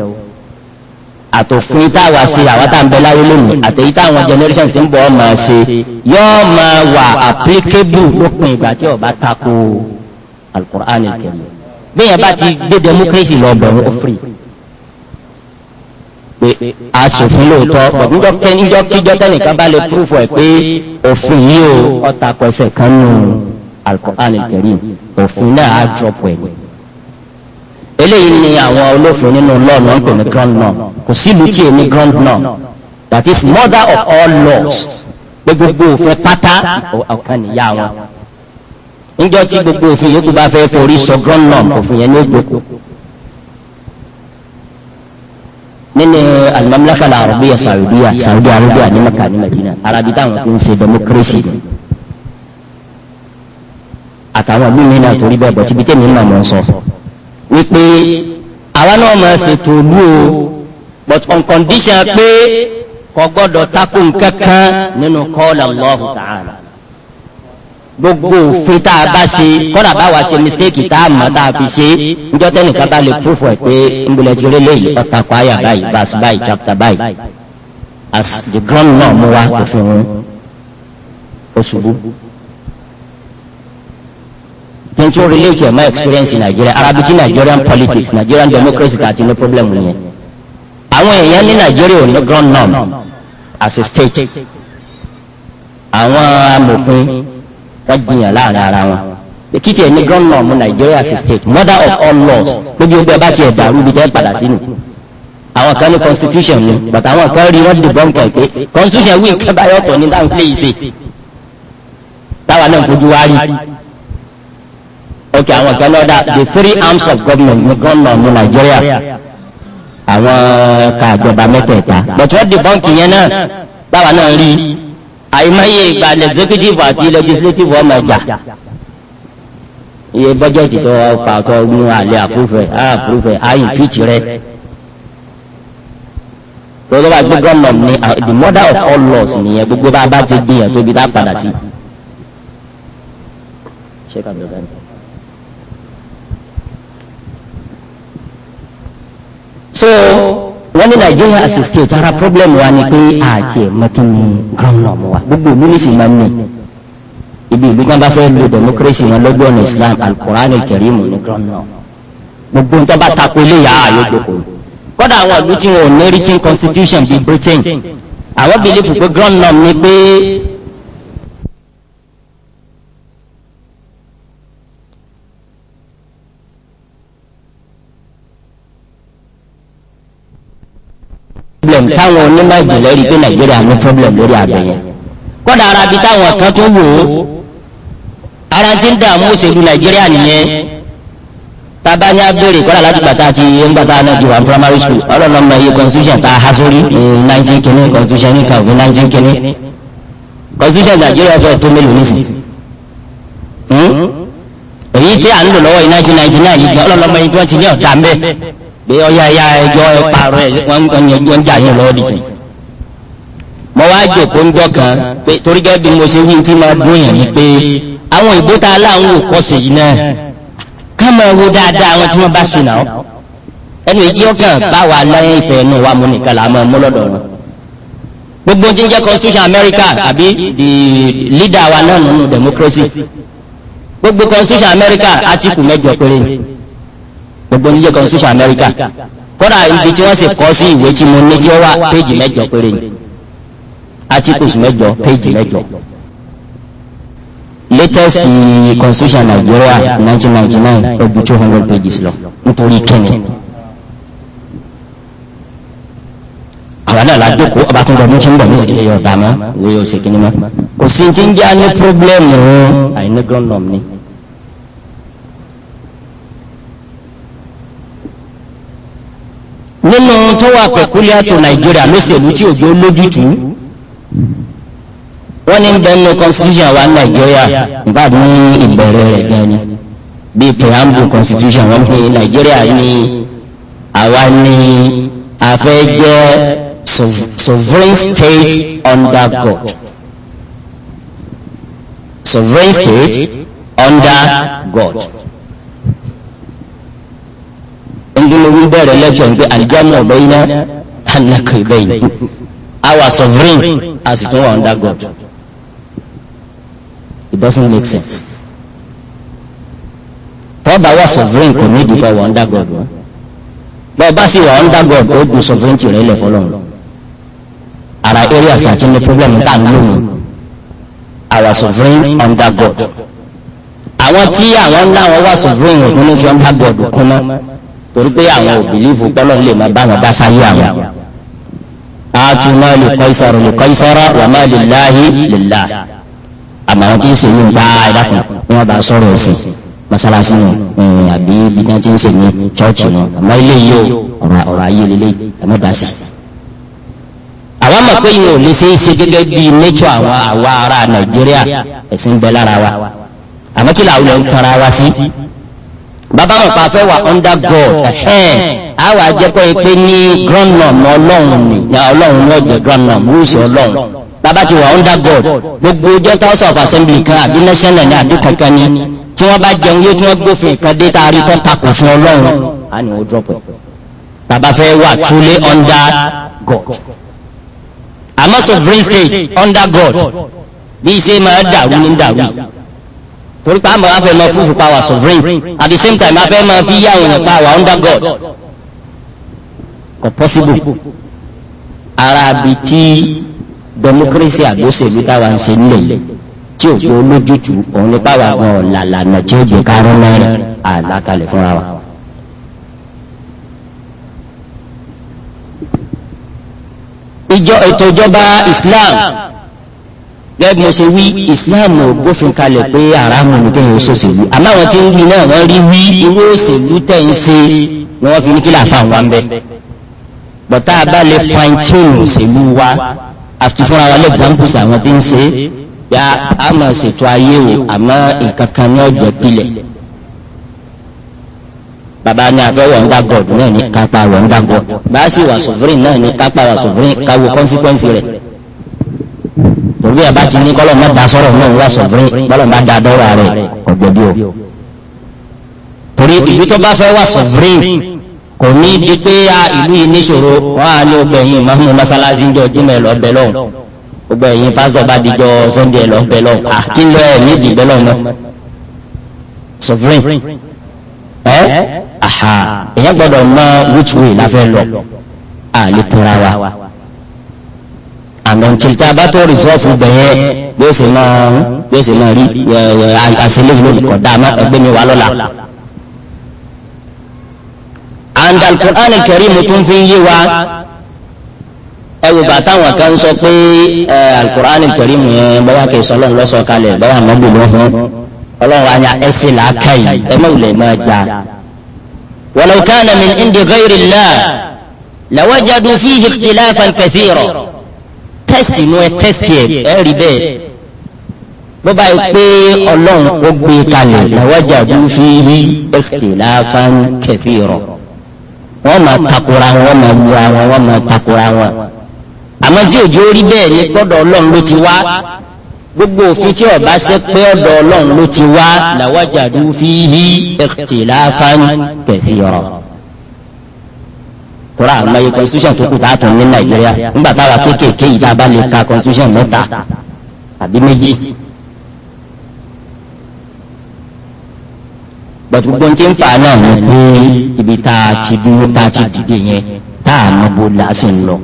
àtòfin táwa ṣe àwa tá à ń bẹ láyé lónìí àtẹ̀yí táwọn generation ti ń bọ̀ ọ́ máa ṣe yóò máa wà applicable lópin ìgbà tí ó bá tako alukur'an al-karim bí yẹn bá ti gbé democracy lọ bẹ̀rù ó free pé aṣòfin lóòótọ́ gbọ̀gbọ́dọ̀ kẹ́nìjọ́ kíjọ́ tẹ́nìkan bá lè púrúfù ẹ̀ pé òfin yìí ó ọta kọsẹ̀ kan nù Al-Qur'an Al-Karim òfin náà á dọ̀pọ̀ ẹ̀. eléyìí ni àwọn olófin nínú lọ́ọ̀nù ń pè ní ground law kò sílùú tí èmi ground law that is mother of all laws pé gbogbo òfin pátá ọ̀kan nìyá wọn. níjọ́ tí gbogbo òfin yòókù bá fẹ́ forí sọ ground law òfin yẹn ní ó gbogbo nínú alimamilaka la arabiya saudiya saudi arabiya ní maka ní madina arabi táwọn tó ń ṣe democracy ni àtàwọn ìlú mi náà torí bẹ́ẹ̀ bọ̀ tí bíkẹ́ mi máa mọ̀ sọ wípé àwa náà máa ṣètò olú o but on condition pé kò gbọ́dọ̀ takò nǹkan kan nínú qala Allahu ta'ala gbogbo òfin tá a bá ṣe kọ́dà bá wa ṣe mistake tá a mọ̀ tá a fi ṣe njọ́ tẹ́nìkan bá lè proof ẹ̀ pé nbùlẹ̀ ti rí léyìí ọ̀tà kwaya báyìí bas báyìí chapter báyìí as the ground náà mú wa kò fi hun oṣubú. don't you relate my experience in Nigeria arabic Nigerian politics Nigerian democracy kàti no problem yẹn. àwọn èèyàn ní Nigeria ò ní ground norm as a state àwọn amòfin wọ́n jiyàn láàrin ara wọn èkìtì ẹni gọ́ọ̀nà ọmọ nàìjíríà sí state mother of all laws gbogbo ẹgbẹ́ bá tiẹ̀ dàrú ibi tẹ́ padà sínú àwọn kan ní constitution ni bàtà àwọn kan rí wọ́n dìbọn kàn pé constitution wí nǹkan báyọ̀ tọ̀ ní dáhùn pé ìṣe táwa náà fojú wá rí ok àwọn kan náà dá the three arms of government ní gọ́ọ̀nà ọmọ nàìjíríà àwọn kàjọba mẹ́tẹ̀ẹ̀ta bọ̀tún wọ́n dìbọn kì yẹn náà táwa náà rí àìmọye ìgbà executive àti legislative ọmọ ẹgbà iye bọ́jẹ̀tì tó pàtó mú àlẹ́ àpúfẹ́ àpúfẹ́ àyìn pìtì rẹ lọ́dọ̀ bá gbé gọ́ọ̀nà ní ah, the mother of all laws nìyẹn gbogbo bá bá ti gbìyàn tóbi bá padà sí. so wọ́n ní nàìjíríà as a ara problem wa ni pé àti ẹ̀mọ́tún ni ground norm wa gbogbo ìlú ní máa ń nì ibi ìlú kan bá fẹ́ lo democracy wọn lọ́gbọ́n ní islam alukoran kẹrìmù ní ground norm gbogbo nǹkan bá tako eléyà ààyè gbogbo kódà àwọn ìlú tí wọn ò ní reaching constitution bíi britain àwọn believe pé ground norm ni pé. problem táwọn onímọ̀ ìjìnlẹ̀ rí pé nàìjíríà ní problem lórí àbẹ̀yẹn kọ́dà ara bi táwọn kan tó wò ó ara ti ń dààmú òṣèlú nàìjíríà nìyẹn bàbá ní abéèrè kọ́dà láti gbàtà àti ńgbàtà náà ti wà ní primary school ọlọ́run ọmọ iye constitution tá a há sórí ní nineteen kìíní constitution ní kàwé nineteen kìíní constitution nàìjíríà fẹ́ tó mélòó nísì hmm? èyí tí à ń lò lọ́wọ́ yìí nineteen ninety nine yìí ọlọ́run ọmọ iye tí wọ́n ti ní ọ̀dà mbẹ́ bí ọyá ẹyá ẹjọ́ ẹ pààrọ̀ ẹ wọ́n ń ẹjọ́ ń jà yín lọ́ọ́ dìsìn. mo wá jòkó ń jọ kan pé torí gẹ́gẹ́ bí mo ṣe wí tí máa dún yẹn ni pé àwọn ìbò tá a láwọn wò kọ́sẹ̀ yìí náà ká máa wo dáadáa àwọn tí wọ́n bá sìn náà ẹnu èjì ọkàn bá wa láyé ìfẹ́ inú wa mú nìkan làá máa mú lọ́dọ̀ wọn. gbogbo ti ń jẹ́ constitution America àbí the leader wa náà nínú democracy gbogbo constitution America article mẹ́jọ péré ni gbogbo oníjẹ constitution America kódà ibi tí wọ́n sì kọ́ sí ìwé tí mo ní tí ó wà péjì mẹ́jọ péré ni articles mẹ́jọ péjì mẹ́jọ latest constitution Nigeria 1999 ó ju 200 pages lọ nítorí kíni àwọn náà ládòkó ọba tó ń bọ̀ ní tí ń bọ̀ ní ìsìnkú yóò bá mọ́ wíyọ̀ ìsìnkú ni kò sí ti ń jẹ́ àní pírọ́blẹ́mù àìní gọ́ọ̀nà ni. tó wà pẹ̀kúlẹ̀ àtò nàìjíríà lóṣèlú tí òjò lójútùú wọ́n ní bẹ́ẹ̀ ní constitution wa nàìjíríà nígbà ní ìbẹ̀rẹ̀ rẹ̀ gan ni bí preamble constitution wọn fi nàìjíríà ní àwa ní afẹ́ jẹ́ sovereign state under God sovereign state under God. mo wí bẹ̀rẹ̀ lẹ́jọ̀ pé àlìjámọ̀ bẹ́yìnà anaka bẹ́yìn our sovereign as it were under God it doesn't make sense tọ́ba our sovereign kò ní ìdìbò wà under God wọ́n bọ́ọ̀ bá sì wà under God ó gbé sovereignty rẹ̀ lẹ̀ fọlọ́run ara areas àti ní problem tá à ń lò ní our sovereign under God àwọn tí àwọn ńlá wọn wà sovereign òkú ní fi under God kún náà torí pé àwọn ò bìlífù pọ́lọ́ lè máa bá wọn dá sáyé àwọn. aatu máa lè kọ́ ìsọ̀rọ̀ lè kọ́ ìsọ̀rọ̀ wà máa lè láàyè lè là àmọ́ àwọn tí ń sèyí ń bá ẹ̀dàkùn wọn bá sọ̀rọ̀ ẹ̀sìn masalasi nù àbí bí wọ́n ti ń sèyí chọ́ọ̀chì nù àmọ́ ilé yìí o ọ̀rọ̀ ayé lélẹ́yìí ẹ̀mọ́ dá sí i mọ̀ pé ìwọ̀n lè ṣe é ṣe gẹ́gẹ́ bí nature àwọn àwa ará nàìjíríà ẹ̀sìn bẹ lára wa àmọ́ kí làwọn ń kanra wa sí Baba mo pa fẹ́ wà under God ẹ̀hẹ́n a wà jẹ́kọ́ yìí pé ní grandmam ọlọ́run ni ọlọ́run náà jẹ́ grandmam rules ọlọ́run bàbá ti wà under God gbogbo jẹ́ta house of assembly kan àbí national ní àbí kankan ni tí wọ́n bá jẹun yé tí wọ́n gbófin kan dé taari tó takò fún ọlọ́run a ní wọ́n truly under God àmọ́ sovereign state under God bí ṣe máa dàrú ní dàrú torí pa àmọ́ afẹ́ mọ proof power sovereign at the same time afẹ́ mọ fi yá àwọn èèyàn under God kò possible ara bi ti democracy àgbóṣèlú táwa ń ṣe nílẹ̀ yìí tí ò gbó lójútu òun ní power gan ọ̀làlànà tí ó gbé kárọ́ mẹ́rin àlàkalẹ̀ fúnra wa. ìjọ ètò ìjọba Islam. Islam gẹ́gẹ́ bí mo ṣe wí islam gbófin kalẹ̀ pé aráàmù ní kéèyàn ṣòṣèlú àmọ́ àwọn tí ń wí náà wọ́n rí wí irú òṣèlú tẹ̀ ń ṣe ni wọ́n fi ní kí làáfà wà ń bẹ bọ̀tá bá lè fine tune òṣèlú wa àti fúnra wa lẹ́gbàmpùsì àwọn tí ń ṣe ya a ṣètò ayé o àmọ́ nǹkan kan ní ọjọ́ pilẹ̀ bàbá ní afẹ́wọ̀ wọ̀ ń gbàgọ̀d bá náà ní kápá wà sovereign káwọ consequence torí ẹ̀ bá ti ní kọ́lọ̀ mọ́ da sọ̀rọ̀ náà wá sọ̀fúnrin kọ́lọ̀ bá da dọ́rọ̀ rẹ̀ ọ̀gbẹ̀bí o torí ìlú tó bá fẹ́ wá sọ̀fúnrin kò ní di pé a ìlú yìí níṣòro wọn á ní ọgbẹ̀yìn mahamu masalasi ń jọ jùmọ̀ ẹ̀ lọ́bẹ̀ lọ́hùn gbogbo ẹ̀yin pásítọ̀ bá dijọ́ sunday ẹ̀ lọ́bẹ̀ lọ́hùn àkílẹ̀ ẹ̀ ní ìdìbẹ̀ lọ́hùn náà sọ̀fúnrin ẹ̀ aha èèyàn gbọ́dọ̀ mọ which way la fẹ́ lọ àlétẹ́ra wa àmọ́ tí tá a bá tó rìsọ́ọ̀fù bẹ̀yẹ bí ó sì máa bí ó sì máa rí àṣìlẹ̀ ìlú kọ̀dá ẹgbẹ́ mi wà lọ́la. and al-Qur'an al-Karim tún fi ń yé wa ẹwù bàtà wọn kan sọ pé al-Qur'an al-Karim yẹn báwa kì í sọ lọ́nà lọ́sọ̀ kalẹ̀ báwa mọ̀ bù lọ́hùn ọlọ́run wa ni ẹsẹ̀ làákà yìí ẹ má wulẹ̀ máa jà. walau kana min indi ghayri Allah lawajadu fihi ikhtilafan test inú ẹ test ẹ ẹ rí bẹ́ẹ̀ bó báyìí pé ọlọ́run ó gbé e kalẹ̀ lawajadu fihi ikhtilafan kathira wọ́n máa takora wọn máa wura wọn wọ́n máa takora wọn àmọ́ tí òjò rí bẹ́ẹ̀ ni gbọ́dọ̀ ọlọ́run ló ti wá gbogbo òfin tí ó ṣe pé ọ̀dọ̀ ọlọ́run ló ti wá lawajadu fihi ikhtilafan kathira. kọ́ra àmọ́ye constitution tó kù tá a tún ní nàìjíríà nígbà táwa kéékèèké yìí tá a bá lè ka constitution mẹ́ta àbí méjì. gbogbo ń náà ni pé ibi tá a ti dúró tá a ti dìde yẹn tá a mọ bó ń lọ.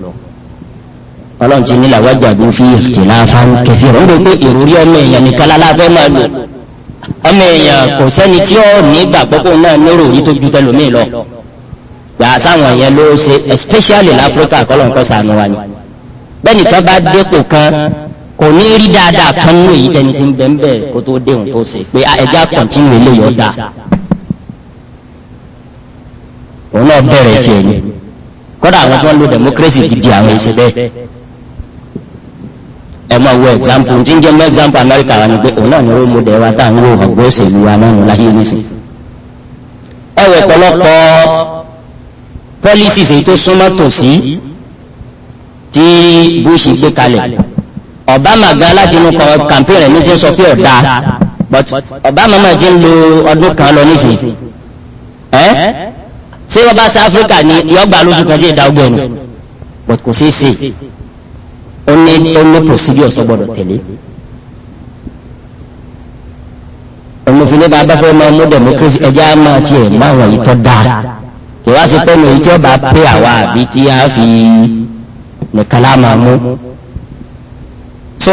ọlọ́run ti ní fi kẹfì rẹ̀ ń bẹ pé ọmọ èèyàn nìkan lálá fẹ́ máa lò ọmọ èèyàn kò sẹ́ni gbà sáwọn yẹn ló ṣe especially láfíríkà kọlọńkọ sànù wa ni bẹ́ẹ̀ni tó bá dépò kan kò ní rí dáadáa kan ní èyí tẹni tí ń bẹ ń bẹ kó tó déhùn tó ṣe pé ah, ẹja kọ̀ntínú eléyìí ọ̀dà òun náà bẹ̀rẹ̀ tiẹ̀ ni kódà àwọn tí wọ́n lo democracy gidi àwọn èsì bẹ́ẹ̀ ẹ máa wo example tí ń jẹ́ mọ́ example America wa ni pé òun náà ni ó mú dẹ̀ wa tá à ń wo ọ̀gbọ́n òṣèlú wa náà ní láyé nísìnyí ẹ wẹ̀ pọ̀lọpọ̀ pọ́lísì èyí tó súnmọ́ tòsí tí bush gbé kalẹ̀ obama gan láti inú kàmpé rẹ̀ ní kí n sọ pé ọ̀dà but obama máa jẹ́ ń lo ọdún kan lọ nísìnyí ẹ́ ṣé wọ́n bá ṣe áfíríkà ni yọgbà lóṣù kan jẹ́ ìdá ọgbẹ́ nù but kò ṣeé ṣe ó ní ó ní procedure tó gbọdọ̀ tẹ̀lé. òmùfin ní bá a bá fẹ́ máa mú democracy ẹ̀jẹ̀ á máa tiẹ̀ máa wọ̀nyí tó dáa kì wá sí pé ní ìjọ bá pé àwa àbí tí a fi nìkan lá mú. so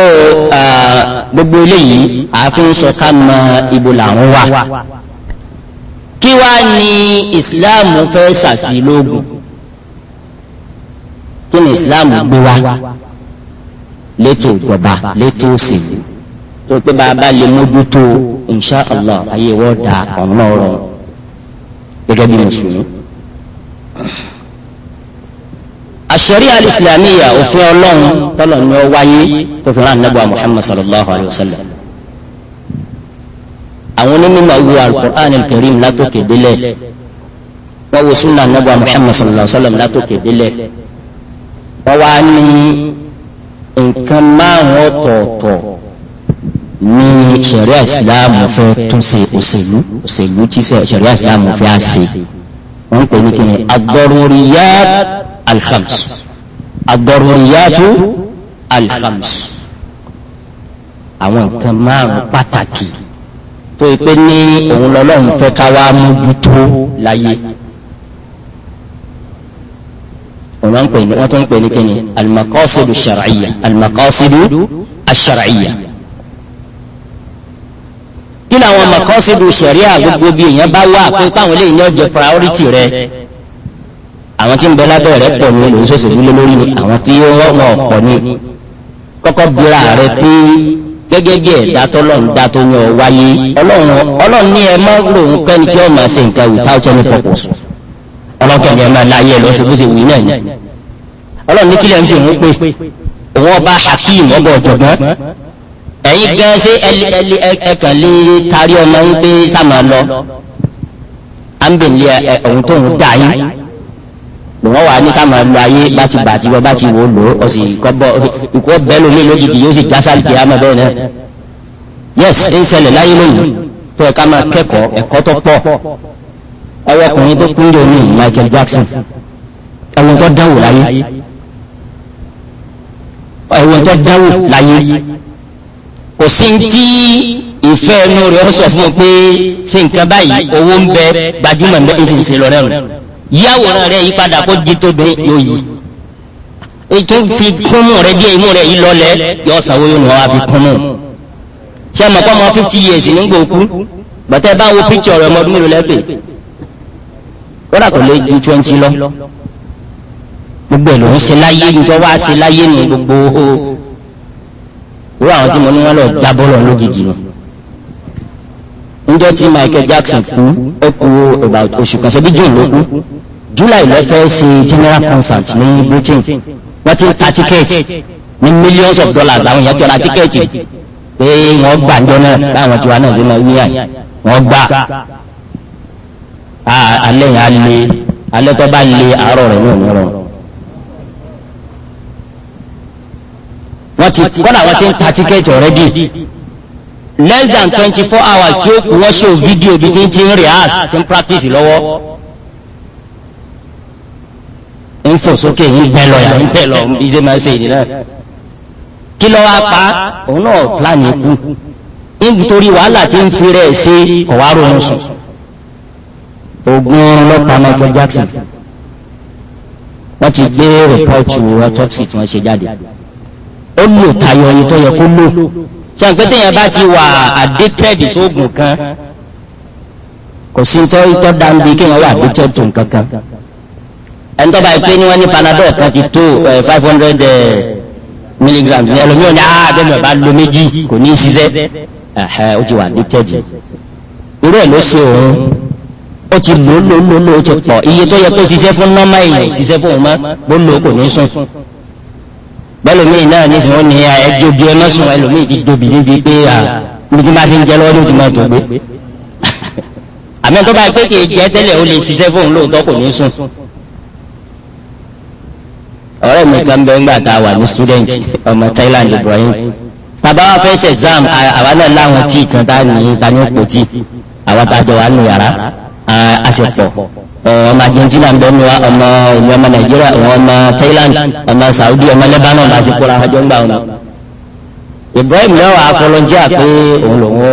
gbogbo eléyìí àáfin sọ ká mọ ibo làwọn wà kí wá ní Islam fẹ́ sàṣì lóògùn kí ni Islam gbé wá létò ìjọba létò òṣèlú tó pé bàbá lè mójútó insha Allah ayé wọ́ọ̀dà ọ̀nà ọ̀rọ̀ gẹ́gẹ́ bí mùsùlùmí. àṣẹrí alìsìlámíyà òfin ọlọ́run tọ́lọ̀ ni ó wáyé tó fi rán anábọ̀ muhammad sallallahu alayhi wa sallam àwọn onímọ̀ ìwé alukur'an karim látòkè délẹ̀ wọ́n wo sunna anábọ̀ muhammad sallallahu alayhi wa sallam látòkè délẹ̀ wọ́n wá ní nǹkan márùn-ún ọ̀tọ̀ọ̀tọ̀ ní sẹ̀ríà ìsìláàmù fẹ́ tún ṣe òṣèlú òṣèlú tí sẹ̀ríà ìsìláàmù fẹ́ á wọ́n pè ní kíni ad-daruriyat alhams ad-daruriyatu alhams àwọn nǹkan márùn pàtàkì tó ipé ní òun lọ́lọ́run fẹ́ ká wá mójútó láyé wọ́n tún ń pè ní kíni al-maqasidu ash-shar'iyya al-maqasidu ash-shar'iyya kí làwọn maqasidu sharia gbogbo bí èèyàn bá wà pé káwọn eléyìí ní ọjọ́ priority rẹ̀ àwọn tí ń bẹ lábẹ́ rẹ̀ pọ̀ ní olùsọ̀sẹ̀lú lórí ni àwọn tí wọ́n wọ̀ pọ̀ ní kọ́kọ́ bíra rẹ̀ pé gẹ́gẹ́ bí ẹ̀dá tọ́lọ́run dá tó yan wáyé ọlọ́run ọlọ́run ní ẹ má lòun kẹ́ni tí ó máa ṣe nǹkan without any purpose ọlọ́kẹ́ni ẹ máa láyé ẹ lọ́sẹ̀ bó ṣe wù náà ni ọlọ́run ní kílẹ̀ ń fi òun pé òun ọba hakeem ọba ọ̀jọ̀gbọ́n ẹ̀yin gan ṣé ẹkàn lè tarí ọmọ yín pé sá máa lọ à ń bèèrè ohun tóun dá yín wọ́n wà ní sáàmà lu ayé báti bàtí wọ́n báti wò lò ó sì kọ́bọ̀ ìkọ́ bẹ́ẹ̀lú mi lójijì yóò sì jásàlì kí á mọ̀ bẹ́ẹ̀ náà yes ń ṣẹlẹ̀ láyé lónìí tó ẹ̀ka máa kẹ́kọ̀ọ́ ẹ̀kọ́ tó pọ̀ ọwọ́kùnrin tó kún lé omi Michael Jackson ẹ̀wọ̀n tó dáwò láyé ẹ̀wọ̀n tó dáwò láyé kò sí tí ìfẹ́ inú rẹ̀ ó sọ fún un pé sí nǹkan báyìí owó ń bẹ gbajúmọ̀ ń bẹ ń yíyàwòrán rẹ yí padà kó di tó bẹ yóò yí ètò fi kúnmù rẹ díẹ̀ imú rẹ yìí lọlẹ yóò sanwó yóò nù wá fi kúnmù ṣé ẹ mọ̀ kọ́ ọmọ fifty years ní gbòòkú bàtẹ́ bá wo picture rẹ ọmọdún mélòó lẹ́gbẹ̀ẹ́ kódà kò lè ju twenty lọ gbogbo ẹ̀ ló ń ṣe láyé nítorí wá ṣe láyé nù gbogbo o wúrọ̀ àwọn tí mo ní wọ́n lọ jábọ́ lọ lójijì nù níjọ́ tí Michael Jackson kú ó kú about oṣù kan ṣe bí June ló kú july lọ fẹ́ ṣe general concert ní britain wọ́n ti ń ta ní millions of dollars làwọn èèyàn ti ra tíkẹ́ẹ̀tì pé wọ́n gbà ń jọ náà láwọn tiwa náà ṣe máa wí àyè wọ́n gbà alẹ́ yẹn á le alẹ́ tó bá le àárọ̀ rẹ̀ ní òmíràn. wọ́n ti kọ́nà wọ́n ti ń ta tíkẹ́ẹ̀tì already less than twenty four hours tí ó kù wọ́n ṣe fídíò bí ti ń ti ń rehearse ti ń practice lọ́wọ́ ń fò sókè ń bẹ lọ́yà ń bẹ lọ bí ṣe máa ṣe ìdí náà kí lọ́wọ́ apá òun náà pláàni kú nítorí wàhálà tí ń fi rẹ̀ ṣe ọ̀wá ronú sùn ogun ọlọ́pàá Michael Jackson wọ́n ti gbé rìpọ́ọ̀tù autopsy tí wọ́n ṣe jáde ó lò tayọ ẹni tó yẹ kó lò ṣe àgbẹ̀ tẹ̀yìn bá ti wà addicted sóògùn kan kò sí tọ́ ìtọ́ dáńgbé kéèyàn wà addicted tó nǹkan kan ẹni tó bá yẹ pé ní ní panadol kan ti tó five hundred milligrams ní ẹlòmíràn ní àádọ́mọ̀ ah, bá lo méjì kò ní í ṣiṣẹ́ ó ti wà addicted irú ẹ̀ ló ṣe òun ó ti lò lò lò lò ó ti pọ̀ iye tó yẹ kó ṣiṣẹ́ fún nọ́mà èèyàn ṣiṣẹ́ fún òun mọ́ bó lò ó kò ní sùn bẹ́lòmíì náà ní sìn wọ́n ní ah, ẹjọ́ bí ẹ má sùn ẹlòmíì ti dobi níbi pé níbi ah, tí máa ti ń jẹ lọ́wọ́ ní ti máa tó gbé àmì tó bá pé kì í jẹ tẹ́lẹ̀ ó lè ṣiṣẹ́ fún òun lóòótọ́ kò ní sùn ọ̀rẹ́ mi kan bẹ ńgbà tá a wà ní student ọmọ Thailand Ibrahim bàbá wa fẹ́ ṣe exam àwa náà láwọn tíì kan tá a ní ta ní òpó tíì àwa tá a jọ wà nù yàrá a sì pọ̀ ọmọ Argentina bẹ nù wa ọmọ ìlú ọmọ Nàìjíríà ọmọ Thailand ọmọ Saudi ọmọ Lebanon bá a sì kóra àjọ ńgbà wọn. Ibrahim náà wà á fọlọ́njẹ́ àpé òun lòun ó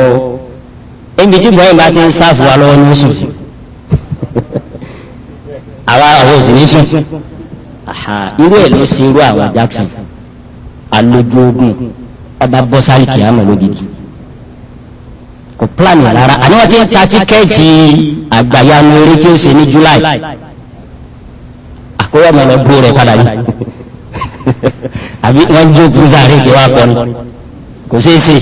ebi tí Ibrahim bá ti ń sáfù wa lọ́wọ́ ní mùsùlùmí àwa àwọn òsì ní sùn irú ẹ̀ ló ṣe irú àwọn Jackson alójú ogun ọba bọ́sálì kìámọ̀ lógigi kò plan rárá àní wọ́n ti ń ta tíkẹ́ẹ̀tì àgbàyanu eré tí ó ṣe ní July àkóyọ̀ mọ̀ lọ gbó rẹ̀ padà yìí àbí wọ́n jó kúrúsà rẹ̀ kí wọ́n akọni kò ṣeé ṣe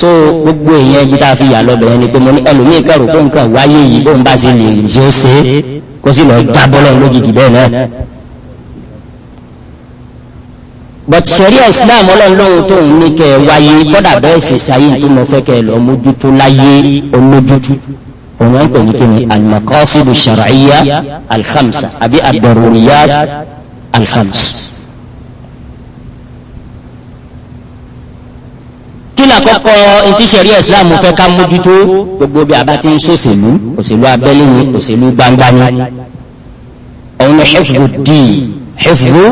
so gbogbo èèyàn ibi tá a fi yà lọ bẹ̀rẹ̀ ni pé mo ní ẹlòmíì kẹrù kó nǹkan wáyé yìí bó ń bá ṣe lè ṣe ó ṣe é kó sì lọ jábọ́lọ̀ lójijì bẹ́ẹ̀ náà. but sẹ́ríà islam ọlọ́run tó ń ní kẹ́ ẹ wáyé kọ́dà bẹ́ẹ̀ ṣe ṣayé tó mọ fẹ́ kẹ́ ẹ lọ mójútó láyé olójútú òun ń pè ní kíni al-maqasidu shar'iyya al-khamsa àbí ad-daruriyat al àkọ́kọ́ ìtísẹ̀rí islam fẹ́ ká mójútó gbogbo bí a bá ti ń sòṣèlú òṣèlú abẹ́lé ni òṣèlú gbangba ni òun ni hifdhu dì hifdhu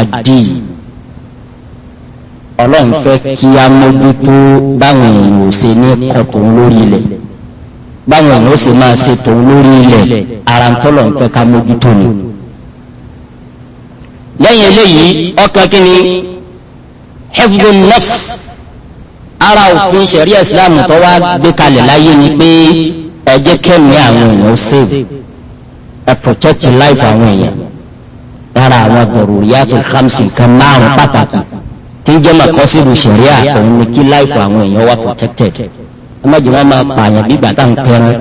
àdì ọlọ́run fẹ́ kí a mójútó báwọn èèyàn ò ṣe ní kọ̀tún lórí ilẹ̀ báwọn èèyàn ó sì máa ṣe tòun lórí ilẹ̀ ara ń tọ́lọ̀ ń fẹ́ ká mójútó ni. lẹ́yìn eléyìí ọkàn kí ni hifdhu nafs ara òfin ṣẹ̀ríà islam tó wá gbé kalẹ̀ láyé ni pé ẹ jẹ́ kẹ́mi àwọn èèyàn ó save ẹ protect life àwọn èèyàn lára àwọn daruriyatul khamsi nǹkan márùn pàtàkì tí ń jẹ́ maqasidu ṣẹ̀ríà òun ni kí life àwọn èèyàn wá protected ẹ má jẹ́ wọ́n máa pààyàn bí gbàtà ń pẹ́ran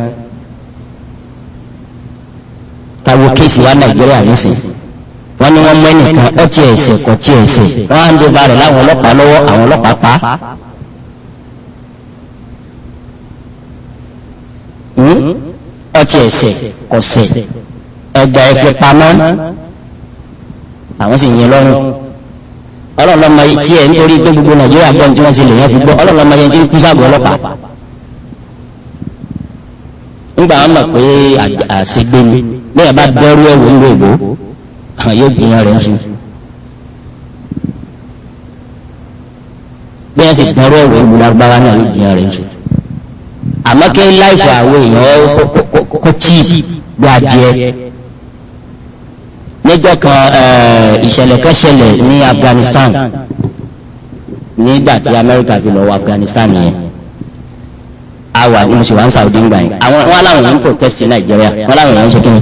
táwo kéèsì wa nàìjíríà nísìnyí wọ́n ní wọ́n mọ ẹnìkan ọtí ẹsẹ kọtí ẹsẹ wọ́n á ń dóba rẹ láwọn ọlọ́pàá lọ́wọ́ àwọn ọlọ́pàá pa á. ọtí ẹsẹ̀ kọsẹ̀ ẹgbà ẹfẹ pamọ́ àwọn sì yẹn lọ́rùn ọlọ́lọ́mọ yìí tiẹ̀ nítorí pé gbogbo nàìjíríà gbọ́n tí wọ́n ṣe lè yẹn fi gbọ́ ọlọ́lọ́mọ yẹn ti kú sáàgọ́ ọlọ́pàá ńgbà wọn mọ̀ pé àṣegbè ni bẹ́ẹ̀ bá dẹ́rú ẹ̀wò ńlò èbó àwọn yóò gbìyàn rẹ̀ ń sùn. bẹ́ẹ̀ sì dẹ́rú ẹ̀wò ńlò agbára náà yóò gbìyàn rẹ̀ ń sùn àmọ́ kí láìfọ àwọn èèyàn kó tí gbà díẹ̀ níjọ́ kan ìṣẹ̀lẹ̀ ní Afghanistan nígbà tí Amẹ́ríkà fi lọ wọ Afghanistan yẹn àwa ní mùsùlùmí àwọn Saudi ń gbà yẹn àwọn wọn làwọn yẹn ń protest Nàìjíríà wọn làwọn yẹn ń ṣe kíni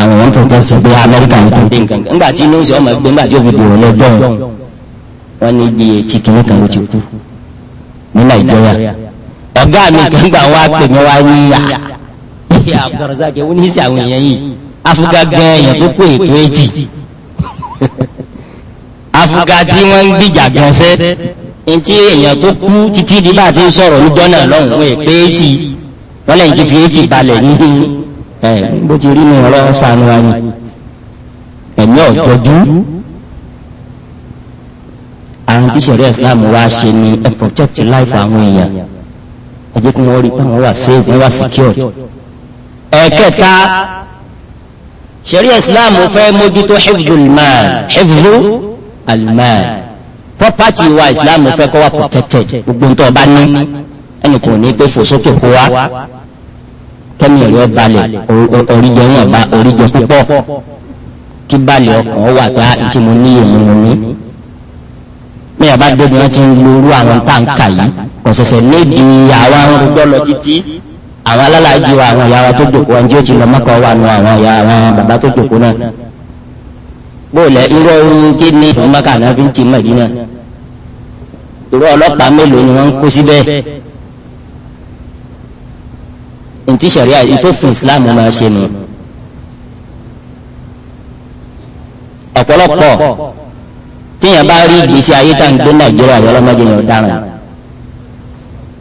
àwọn yẹn ń protest pé Amẹ́ríkà ń tún dé nǹkan kan ńgbà tí inú ń sọ ọmọ ẹgbẹ́ ńgbà tí òbí dòrò lọ́dọ̀ wọn ní ibi etí kìnnìkan ló ti kú ní Nàìjíríà ọ̀gá mi kan gbà wá pè mí wá ní yà ìyá Abdulrasaq wọ́n ní sí àwọn èèyàn yìí afuga gan èèyàn tó pé ètò èjì afuga tí wọ́n ń gbìjà gan sẹ́ ntí èèyàn tó kú títí di bá a ti ń sọ̀rọ̀ níjọ́ náà lọ́hùn ún èpè èjì wọ́n lẹ́yìn ti fi èjì balẹ̀ ní ẹ̀ bó ti rí nu ọ̀rọ̀ sànù wa ni ẹ̀mí ọ̀tọ́jú àwọn tíṣẹ̀rí Islam wá ṣe ni ẹ̀ protect life àwọn èèyàn ẹ jẹ́ kí wọ́n rí pé wọ́n wà safe wọ́n wà secured. ẹ̀kẹta ṣẹ̀ríà islam fẹ́ mójútó hifzul mal hifzu al mal property wa islam fẹ́ kó wà protected gbogbo ntọ́ bá ní ẹnì kò ní pé fòsókè kó wa kẹ́mi ẹ̀rí ọ balẹ̀ oríjẹ wọn ọba oríjẹ púpọ̀ kí balẹ̀ ọkàn wà gbá ìtìmọ̀ níyì mú mi mi àbá débi wọn ti ń lorú àwọn táǹkà yìí ọ̀sẹ̀sẹ̀ níbi àwọn arúgbó lọ títí àwọn alálàájì wa àwọn ìyá wa tó jòkó wọn jí ó ti wà nù àwọn ìyá àwọn bàbá tó jòkó náà bóòlù irọ́ ohun kí ni ìfún mọ́kà náà fi ń ti Mẹdínà irọ́ ọlọ́pàá mélòó ni wọ́n ń kó síbẹ̀ ntí sẹ̀ríà ìtòfin Islam máa ṣe nù ọ̀pọ̀lọpọ̀ téèyàn bá rí ìgbésí ayé tá ń gbé nàìjíríà yọ ọlọ́mọdé yẹn ọ̀daràn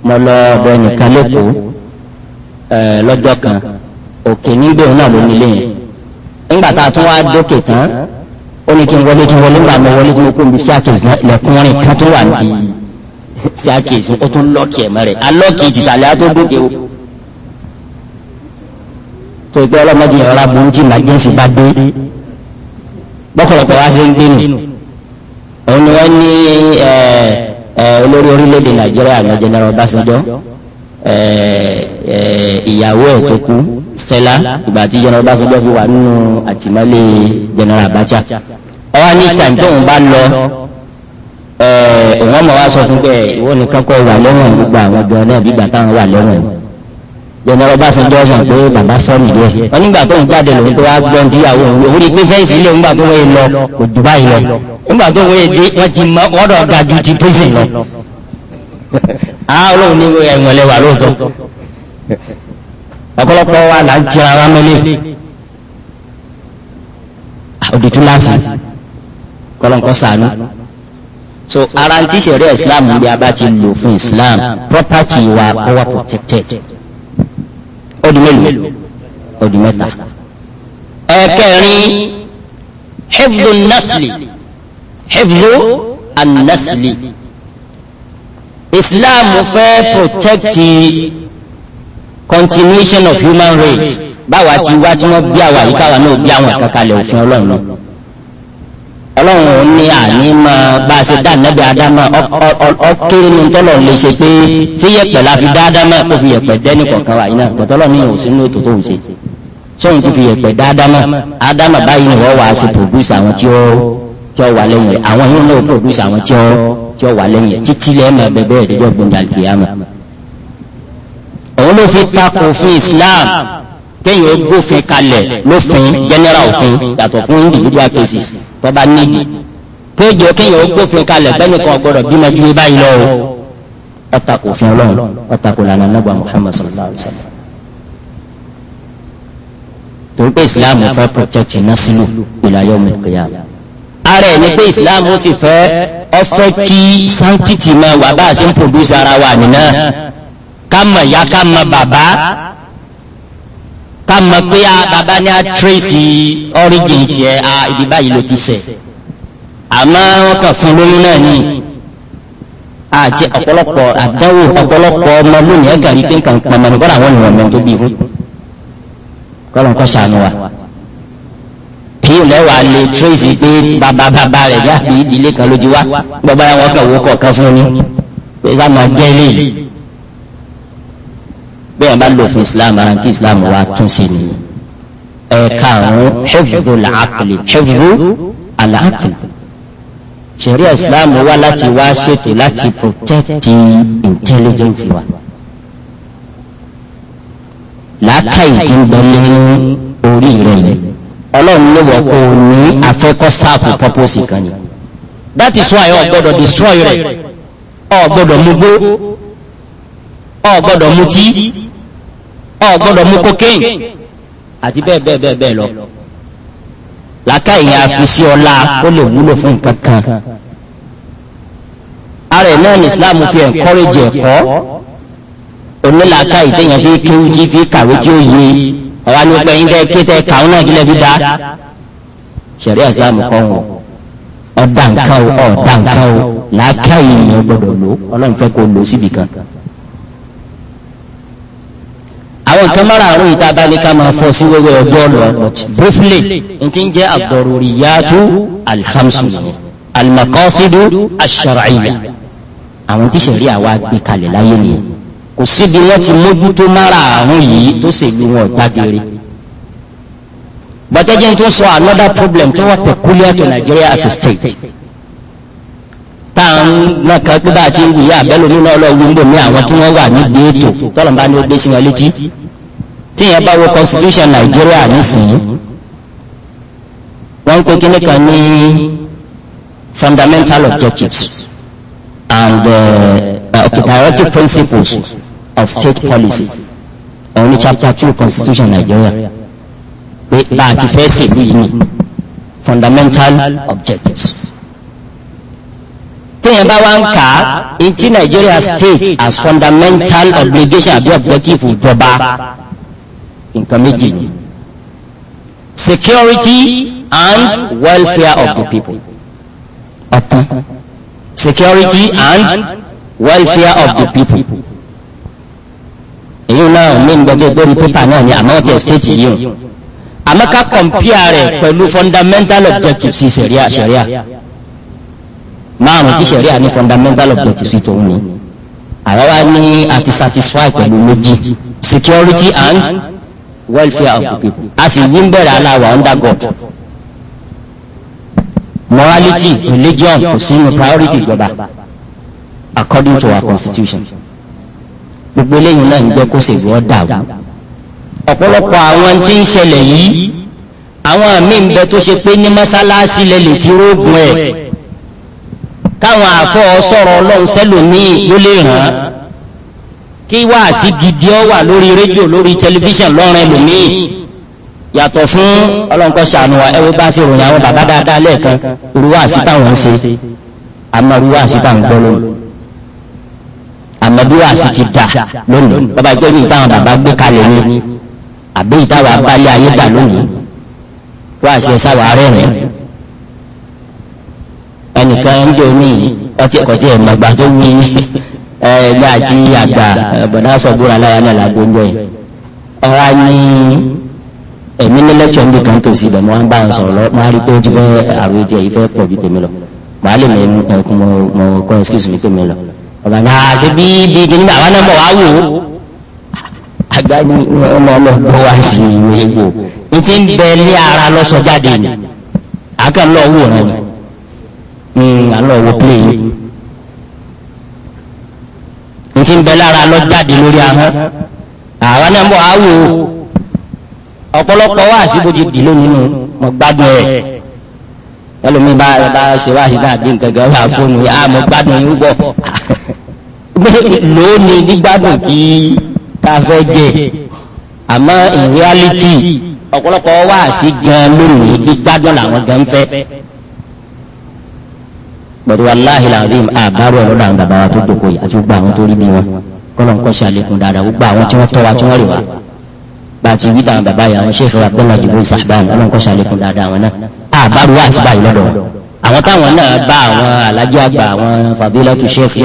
mo lọ ọbọ nìkan lẹ́kọ̀ọ́ lọ́jọ́ kan òkè nígbè náà ló nílé yẹn nígbà tá a tún wá dókè tán ó ní kí n wọlé kí n wọlé nígbà mi wọlé tí mo kó nbí síàkèsì lẹkùnrin kan tó wà níbi síàkèsì ó tún lọ́ọ̀kì ẹ̀mọ́ rẹ̀ alọ́ọ̀kì ìtìsàlẹ̀ á tó o tó ìgbẹ́ yẹn ọ̀rá burú tí màjẹ́sì bá dé bọ́kọ̀lọpọ̀ wá sí ń gbé nù òun ni wọ́n ní olórí orílẹ̀-èdè nàìjíríà ní general Ọbásanjọ́ ìyàwó ẹ̀ tó kú Stella ìgbà tí general Ọbásanjọ́ fi wà nínú àtìmọ́lé general Abacha ọwọ́ ní sàn tóun bá lọ òun ọmọ wa sọ fún pé ìwọ nìkan kọ́ wà lẹ́wọ̀n gbogbo àwọn gan náà bí gbàtà wà lẹ́wọ̀n jẹnẹrọ bá sin dọ́sàn pé bàbá fọ́ọ̀mù díẹ̀ wọn nígbà tó ń jáde lòun tó wá gbọ́n tí àwọn òun orí pé fẹ́ǹsì ilé nígbà tó wọ́n lọ kò jù báyìí lọ nígbà tó wọ́n dé wọ́n ti mọ ọ̀dọ̀ ga ju ti prison lọ. àwọn ah, olóhùn ní ẹ̀wọ̀n lẹ́wà lóòótọ́ ọ̀pọ̀lọpọ̀ wa là ń tira wa mẹ́lẹ̀ òdì ah, túláàsì kọ́lọ́nkọ́ sànú so ara ń tíṣẹ̀rẹ́ Islam bí a bá ti lò fún Islam property wa ó wà protected ọdún mélòó ọdún mẹ́ta ẹ̀kẹrin hifdhu nasli hifdhu an-nasli Islam fẹ́ protect continuation of human race báwa ti wá tí wọ́n bí àwa yìí káwa náà bí àwọn kankan òfin Ọlọ́run náà ọlọ́run ní àní máa bá a ṣe dá nẹ́bí adama ọkẹ́rẹ́ ní tọ́lọ̀ lè ṣe pé tí yẹ̀pẹ̀ la fi dá adama kó fi yẹ̀pẹ̀ dẹ́ni kọ̀ọ̀kan wà iná pẹ̀tọ́lọ́ ní ìhòsí ní ètò tó ń ṣe sóun ti fi yẹ̀pẹ̀ dá adama adama báyìí ni wọ́n wà á ṣe produce àwọn tí ó tí ó wà lẹ́yìn rẹ̀ àwọn yìí náà produce àwọn tí ó tí ó wà lẹ́yìn rẹ̀ títí lẹ́ẹ̀mọ̀ bẹ́ẹ̀ bẹ́ẹ̀ kéyìn ó gbófin kalẹ̀ lófin general òfin yàtọ̀ fún individual cases tó bá nídìí kéjọ kéyìn ó gbófin kalẹ̀ bẹ́nìkan gbọ́dọ̀ bímọ ju báyìí lọ o ọ̀tà kò fi ọlọ́run ọ̀tà kò lànà nàgbà Muhammad sallallahu alayhi wa sallam torí pé Islam fẹ́ protect nasilu ìlàyọ̀ mẹ́kẹ́yà ara ẹ̀ ni pé Islam ó sì fẹ́ ọfẹ́ kí sanctity máa wà bá a ṣe ń produce ara wa nìyẹn ká mọ̀ ya ká mọ̀ bàbá ká mọ̀ pé a bàbá ní a tracy origin tiẹ̀ a ibi báyìí ló ti ṣẹ̀ àmọ́ wọ́n kàn fún lóyún náà ni àti ọ̀pọ̀lọpọ̀ àdánwò ọ̀pọ̀lọpọ̀ ọmọ lónìí ẹ̀ka rí pé nǹkan pọnmọ ní bọ́dà àwọn ènìyàn mẹ́rin tó bí irú kọ́lọ́n kọ́ sànù wa. èyí lẹ́wàá lè tracy pé bàbá bàbá rẹ̀ bí àbí ìdílé kan ló ti wá gbọ́dọ̀ àwọn kan wò kọ̀ọ̀kan fún mi pé sáà jẹ́ eléyìí bẹ́ẹ̀ bá lò fún islam ara tí islam wa tún sí ni ẹ̀ka àrùn hifdhu làákìlì hifdhu àlàákìlì ṣẹ̀ríà islam wá láti wá ṣètò láti protect intelligence wa làákàyè tí ń bẹ lẹ́nu orí rẹ̀ yìí ọlọ́run ló wọ̀ kó o ní afẹ́kọ́ sáàpù pọ́pọ́sì kan ni that is why o gbọ́dọ̀ destroy rẹ̀ o gbọ́dọ̀ mugbó o gbọ́dọ̀ mutí ọ gbọ́dọ̀ mú cocaine àti bẹ́ẹ̀ bẹ́ẹ̀ bẹ́ẹ̀ bẹ́ẹ̀ lọ làkà ìyẹn àfisí ọlá ó lè wúlò fún nǹkan kan ara ẹ̀ náà ní Islam fi encourage ẹ̀kọ́ onílàkà ìdẹ́yẹn fi kéwú tí fi kàwé tí ó yé ọ̀wá ní gbẹ̀yìn tẹ́ ké tẹ́ kàwọn náà kílẹ̀ fi dá sẹ̀ríà Islam kọ́ wọn ọ̀dà nǹkan o ọ̀dà nǹkan o làkà ìyẹn gbọ́dọ̀ lò ọlọ́run fẹ́ kó lò síbi kan àwọn nǹkan mara àrùn yìí tá a bá ní ká máa fọ sí wẹ́wẹ́ ọjọ́ ọ̀nà briefly n ti ń jẹ́ ad-daruriyatu al-khamsu al-maqasidu ash-shar'iyya àwọn tí sẹ̀rí àwa gbé kalẹ̀ láyé nìyẹn kò síbi wọn ti mójútó mara àrùn yìí tó sì lu wọn jágere bàtẹ́jẹ́ tó sọ another problem tó wà peculiar to Nigeria as a state táwọn nǹkan pé bá a ti ń wù yá abẹ́lómi náà lọ́ọ́ wí ń bò mí àwọn tí wọ́n wà nídìí ètò tọ́lọ̀ bá ní ó gbé sí wọn létí tíyẹn bá wo constitution Nigeria nísìnyí wọ́n ń pè kíní kan ní fundamental objectives and uh, directive uh, principles of state policy òun ní chapter two constitution Nigeria pé bá a ti fẹ́ ṣèlú yìí ni fundamental objectives téèyàn bá wá ń kà á in ti Nigeria state as fundamental obligation àbí objective ìjọba nǹkan méjì ni security and welfare of the people ọ̀tán security and welfare of the people èyí náà ní gbogbo ìgbórí pépà náà ni àmọ́ ti ẹ̀stéètì yìí o àmọ́ ká kọ̀mpíà rẹ̀ pẹ̀lú fundamental objectives sẹ̀ríà sẹ̀ríà márùn-ún tí sẹ̀ríà ní fundamental objectives tòun ni àwa wá ní àti satisfy pẹ̀lú méjì security and welfare of the people a sì yí ń bẹ̀rẹ̀ under God morality religion kò sínú priority ìjọba according to our constitution gbogbo eléyìí náà ń gbé kó ṣèlú ọ dàrú ọ̀pọ̀lọpọ̀ àwọn tí ń ṣẹlẹ̀ yìí àwọn míì ń bẹ tó ṣe pé ní mọ́sálásí lè lè ti ẹ̀ káwọn àfọ́ sọ̀rọ̀ ọlọ́run sẹ́lòmíì ló lè ràn án kí wáàsí gidi ọ wà lórí rédíò lórí tẹlifíṣàn lọ́rùn ẹlòmíì yàtọ̀ fún ọlọ́nkọ́ sànù wa ẹ wo bá ṣe ròyìn àwọn bàbá dáadáa lẹ́ẹ̀kan irú wáàsí táwọn ń ṣe àmọ́ irú wáàsí táwọn ń gbọ́ lónìí àmọ́ irú wáàsí ti dà lónìí bàbá ìjọ yìí táwọn bàbá gbé kalẹ̀ ní àbí ìtawà balẹ̀ ayé dà lónìí wáàsí ẹ̀ sáwà rẹ̀rìn ẹnìkan ń dè mí ọtí ẹ̀kọ́ tí ẹ̀ mọ̀gbà tó wí ẹgbẹ́ àti àgbà bọ̀dá sọ̀búra láyà náà lágbóngbó ẹ̀ ọ̀rá ní ẹ̀mí ní lẹ́kṣọ̀ ní kan tó sì bẹ̀mọ́ ń bá ń sọ̀rọ̀ lọ máa rí pé ó ti fẹ́ àrùn ìdí ẹ̀yí fẹ́ pọ̀ ju tèmi lọ màá lè mẹ́rin ẹ̀kún mọ̀ kọ́ excuse mi tèmi lọ ọ̀bà náà ah, ṣe bí bí kìíní bàbá náà bọ̀ wá wò ó àgbà ní ọmọ ọlọ́gbọ́n wá sí ìwé egbò ní ti ń bẹ ní ara lọ́sọ̀ jáde ni àkànlọ́wọ́ rẹ̀ ni àlọ́wọ́ pléyìn ohun tí ń bẹ lára lọ jáde lórí ahọ́n àwa náà ń bọ̀ áwò ọ̀pọ̀lọpọ̀ wá sí bójú dì lónìí nù mọ̀ gbádùn ẹ̀ ẹlòmí bá bá ṣe wá sí náà bí nǹkan gan fóònù yà á ah, gbádùn yín wọ̀ lónìí gbígbádùn kí ká fẹ́ jẹ àmọ́ in reality ọ̀pọ̀lọpọ̀ wá sí gan lónìí gbígbádùn làwọn gan fẹ́ bọ̀dọ̀ aláhi làbíyìm àbárò ọ̀rọ̀ dàrún bàbá wa tó dòkó yìí àti gbogbo àwọn tó rí bí wọn kọ́lọ̀ ń kọ́ ṣàlékún dáadáa gbogbo àwọn tí wọ́n tọ́ wa tí wọ́n rè wá bá a ti wí dàrún bàbá yìí àwọn sèkè abdullah jibril sahban kọ́lọ̀ ń kọ́ ṣàlékún dáadáa wọn náà àbárò wa àti báyìí lọ́dọ̀ wọn. àwọn táwọn náà bá àwọn alájọ àgbà àwọn fadilatu sheikh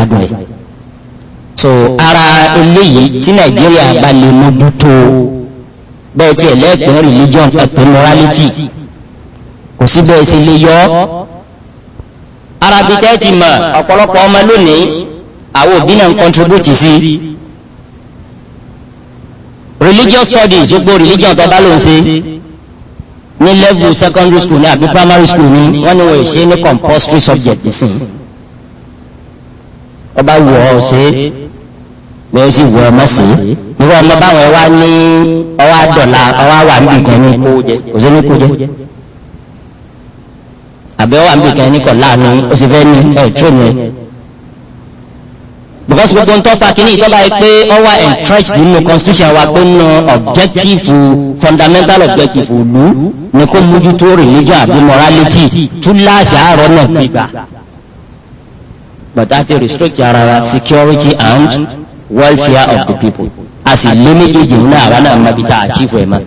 yọkà so ara eléyìí tí nàìjíríà bá lè mójútó bẹ́ẹ̀ tí ẹ̀lẹ́pẹ̀ religion ẹ̀pẹ̀ morality kò sí bẹ́ẹ̀ sí lè yọ arabi tẹ́ ti mọ̀ ọ̀pọ̀lọpọ̀ ọmọ lónìí àwọn òbí náà ń contribute sí religious studies gbogbo religion tó bá ló ń ṣe ní level secondary school ní àbí primary school ní wọ́n ní wọ́n ṣe ní compulsory subject nísìnyí ọba wù ọ́ ṣe é bẹ́ẹ̀ sì wọ ọmọ sí i nígbà ọmọ báwọn ẹ wá ní ọwọ́ àdọ̀là ọwọ́ àwà ń bì kan ní kò sí ní kó jẹ àbí ọwọ́ àbí kan ní kọ̀ láàánú ó sì fẹ́ ní ẹ̀ tó ní. because gbogbo ń tọ́fà kínní ìtọ́ba yìí pé ọwọ́ entrenched nínú constitution wa pé nínú objective fundamental objective òlu ni kó mójútó religion àbí morality túláàsì àárọ̀ náà gbígbà but that dey restrict ara security and welfare of the people a sì lé méjèèjì ńlá àwa náà má bi tá a chief ẹ̀ ma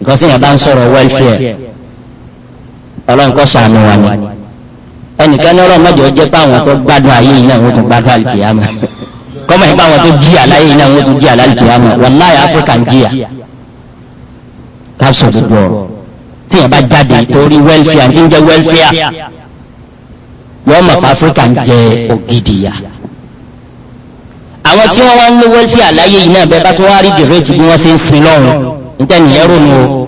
nǹkan sẹ́yìn bá ń sọ̀rọ̀ welfare ọlọ́run kọ́ sànù wa ni ẹnìkan ní ọlọ́run mẹ́jọ jẹ́ pé àwọn tó gbádùn ayé yìí náà wọ́n tún gbádùn àlùkìyàmù kọ́mọ̀ yìí pé àwọn tó jí àláyé yìí náà wọ́n tún jí àlùkìyàmù wàláyé áfíríkà ń jìyà kápsọ̀ gbogbo ọ̀rọ̀ tíyẹn bá jáde torí welfare ní jẹ́ welfare yọọ mọ̀ pa Áfíríkà ń jẹ ògidì yà àwọn tí wọ́n wá ń lówó fi àlàyé yìí náà bẹ́ẹ̀ bá tó wá rí dèrèjì bí wọ́n ṣe ń sin lọ́run níta nìyẹn ronú o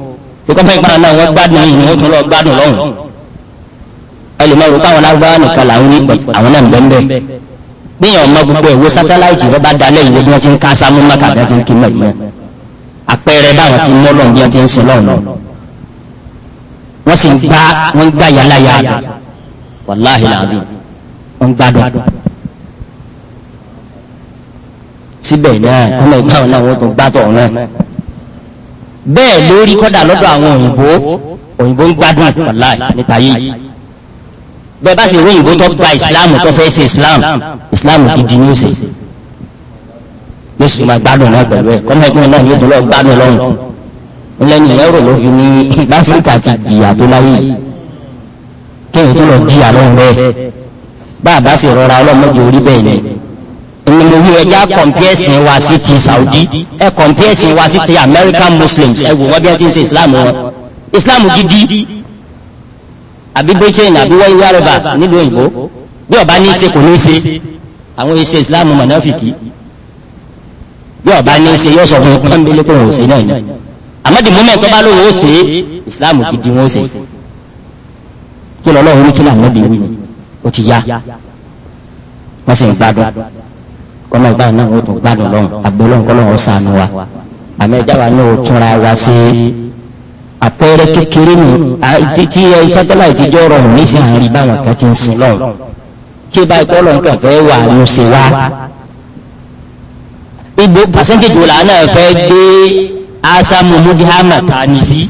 kíkọ́ fún ìpara náà wọ́n gbádùn yìí wọ́n tún lọ gbádùn lọ́run ẹlòmọ́ rò báwọn lágbára nìkan làwọn ní àwọn náà ń bẹ́ẹ̀ bẹ́ẹ̀ bíyàn ọmọ gbogbo ìwo sátáláìtì rẹ dalẹ̀ ìwé wọ́n ti ń wàláhì làádùn wọn gbádùn síbẹ̀ náà ọmọ ìgbà wọn náà wọ́n tó gbádùn ọ̀run bẹ́ẹ̀ lórí kọ́dà lọ́dọ̀ àwọn òyìnbó òyìnbó ń gbádùn wàláhì níta yìí bẹ́ẹ̀ bá sì rí òyìnbó tó gba ìsìláàmù tó fẹ́ ṣe ìsìláàmù ìsìláàmù gidi ní òsè yóò sì máa gbádùn náà pẹ̀lú ẹ̀ kọ́mọ ìgbà náà yóò tó gbádùn lọ́rùn ńlẹ́yìn ẹ̀rọ kéèyàn tó lọ di àwọn ọ̀rẹ́ bàbá sì rọra ọlọ́mọdé orí bẹ́ẹ̀ ni ìmọ̀lẹ́wí ẹja kọ̀m̀pẹ́sìn wa sí ti Saudi ẹ kọ̀m̀pẹ́sìn wa sí ti American Muslims ẹ wò wọ́n bí wọ́n ti ń ṣe Islam wọn Islam gidi àbí Britain àbí wọ́n yára rẹ̀ bá nílùú òyìnbó bí ọba ní í ṣe kò ní í ṣe àwọn ìṣe Islam mọ̀nàfìkì bí ọba ní í ṣe yóò sọ fún pọ́ńbélé kò wọ́n ò ṣe náà ni àmọ́ the moment tó bá ó ṣe Islam gidi wọn ó ṣe kí lọ́lọ́run ní kí lànàbí wí ni ó ti yá wọ́n sì ń gbádùn kọ́mọ ìgbà náà wọ́n tún gbádùn lọ́hùn àgbọ̀lọ́hùn kọ́lọ́hùn sànù wa àmọ́ ẹja wa náà túnra wa sí àpẹẹrẹ kékeré nù tí ẹ sátáláìtì jọ rọrùn nísìn àárín báwọn kan ti ń sin lọ́hùn kí bá ẹgbẹ́ ọlọ́run kan fẹ́ wà ló ṣe wá ibo pàṣẹ́ntéjì wò làánà fẹ́ gbé asamu mudihama ta ní sí